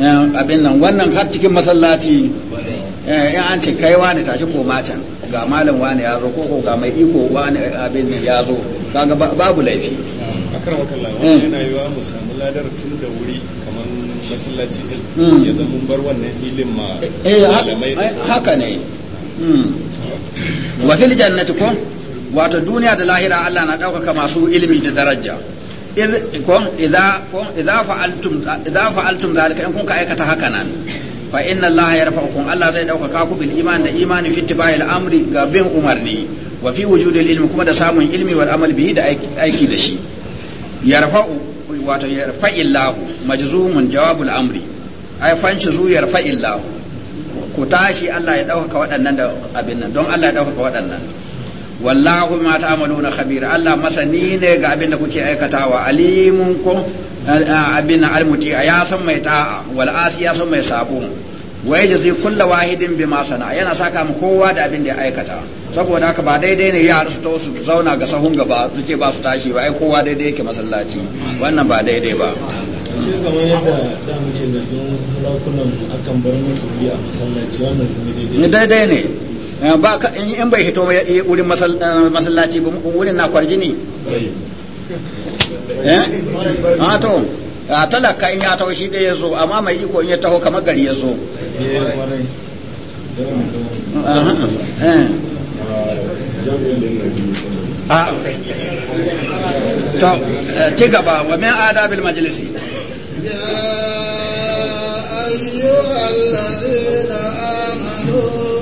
eh, abin nan wannan har cikin masallaci eh, in an ce kai wane tashi ko matan ga malam wane ya zo ko ko ga mai iko wane abin nan ya zo kaga babu laifi akan wakalla wannan eh. yana yiwa mu samu ladar tun da wuri kaman masallaci din hmm. ya zama bar wannan ilin ma haka ne wa fil jannati ko wato duniya da lahira Allah na dauka kama su ilimi da daraja idza fa'altum idza fa'altum zalika in kun ka aikata haka nan fa inna Allah yarfa'ukum Allah zai ɗaukaka ku bil iman da imani fi tibayil amri ga bin umarni wa fi wujudil ilmi kuma da samun ilmi wal amal bihi da aiki da shi yarfa'u wato yarfa'illahu majzumun jawabul amri ay fanshi yarfa'illahu ku tashi Allah ya ɗaukaka waɗannan da abin nan don Allah ya ɗaukaka waɗannan wallahu ma na khabir Allah masani ne ga abin da kuke aikatawa alimun ko eh, abin nan almuti ya san mai ta'a wal asi ya san mai sabo wa yajzi kullu wahidin bima sana'a. yana saka mu kowa da abin da ya aikata saboda haka ba daidai ne yara su to su zauna ga sahun gaba su ce ba su tashi ba ai kowa daidai yake masallaci wannan ba daidai ba shi kamar yadda sarakunan akan bar a masallaci wannan daidai ne eh, ba ka in bai hito wurin eh, masallaci wurin na kwarjini eh a ah, to a talaka in ya taho shi ya zo amma mai iko in ya taho kamar gari ya zo eh, ah, to ci gaba wa min adabil majlisi يا أيها الذين آمنوا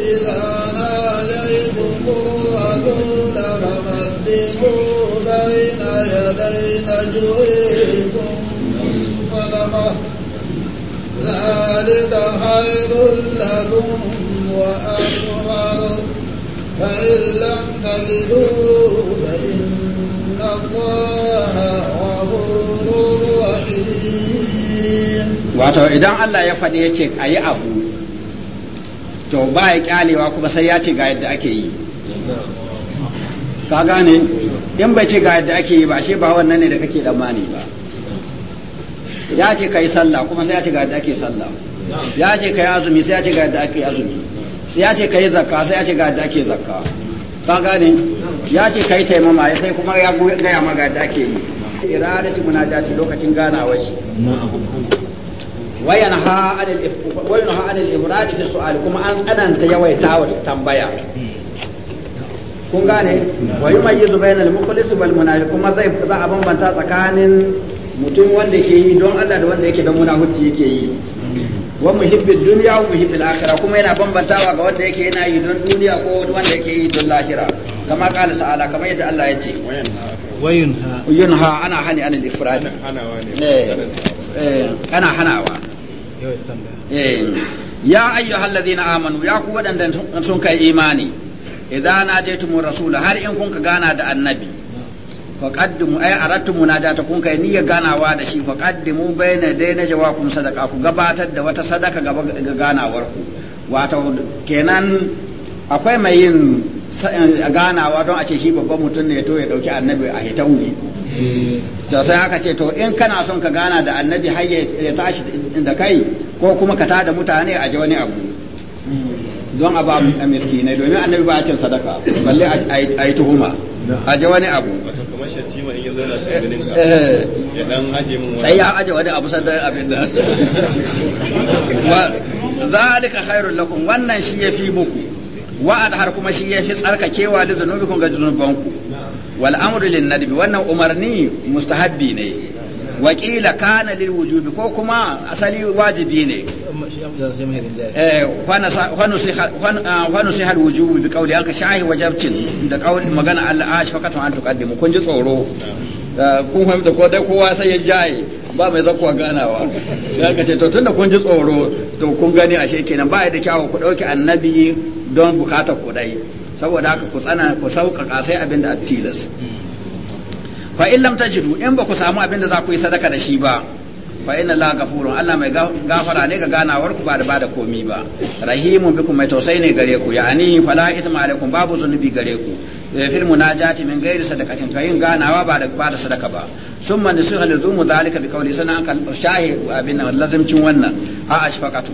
إذا ناجيكم الرسول فقدموا بين يدي نجويكم صدقة ذلك خير لكم وأطهر فإن لم تجدوا فإن الله غفور wato idan Allah ya faɗi ya ce a yi abu to ba ya kyalewa kuma sai ya ce ga yadda ake yi ka gane in bai ce ga yadda ake yi ba shi ba wannan ne da kake mani ba ya ce ka yi sallah kuma sai ya ce ga yadda ake sallah ya ce ka yi azumi sai ya ce ga yadda ake azumi sai ya ce ka yi zakka sai ya ce ga yadda ake zakka ka gane ya ce ka yi taimama sai kuma ya gaya ma ga yadda ake yi iradati munajati lokacin ganawar shi wayanha anil wayanha anil ifrad fi su'al kuma an tsananta yawaita wa tambaya kun gane wa yumayyizu bainal mukhlis wal munafiq kuma zai za a bambanta tsakanin mutum wanda ke yi don Allah da wanda yake don munafici yake yi wa muhibbid dunya wa muhibbil akhirah kuma yana bambantawa ga wanda yake yana yi don duniya ko wanda yake yi don lahira kama qala ta'ala kamar yadda Allah ya ce wayunha ana hani anil ifrad ana hanawa ne eh, eh ana hanawa ya eh, ayyuhal ladina amanu ya ku wadanda sun kai imani idan najaitumur rasul har in kun ka gana da annabi fa qaddimu ay aratu munajata kun kai niyya ganawa da shi fa qaddimu bayna dayna jawakum sadaqa ku gabatar da wata sadaka ga ganawar ku wato kenan akwai mai yin ganawa don a ce shi babban mutum ne to ya dauki annabi a hita wuri mm. to sai haka ce to in kana son ka gana da annabi har ya tashi da kai ko kuma ka tada mutane a ji wani abu mm. don a ba a miskinai domin annabi ba a cin sadaka balle a yi tuhuma a ji wani abu eh. sai ya aje wani abu sannan abin da zalika khairul lakum wannan shi ya fi muku wa adhar kuma shi ya fi tsarkakewa li dhunubikum ga dhunubanku wal amru lin nadbi wannan umarni mustahabbi ne wa qila kana lil wujubi ko kuma asali wajibi ne eh wa nusiha hal ah, wujubi bi qawli anka shahi wajabtin da qawli magana Allah ash faqatu an tuqaddimu kun ji tsoro Eh, kun fahimta ko dai kowa sai ya jaye ba mai zakuwa ganawa da ka ce to tunda kun ji tsoro to kun gani ashe kenan ba ya da kyawu ku ɗauki annabi don bukatar ku dai saboda haka ku tsana ku sauƙaƙa sai abin da tilas fa in lam tajidu in ba ku samu abin da za ku yi sadaka da shi ba fa inna la gafurun Allah mai gafara ne ga ganawar ku ba da ba komi ba rahimun bikum mai tausayi ne gare ku ya'ani fala itma alaikum babu zunubi gare ku Eh, fil munajati min ghairi sadaqatin ka yin ganawa ba da ba da sadaka ba summa nasuha lizumu zalika bi qawli sanan kan shahi abin nan lazimcin wannan a ashfaqatu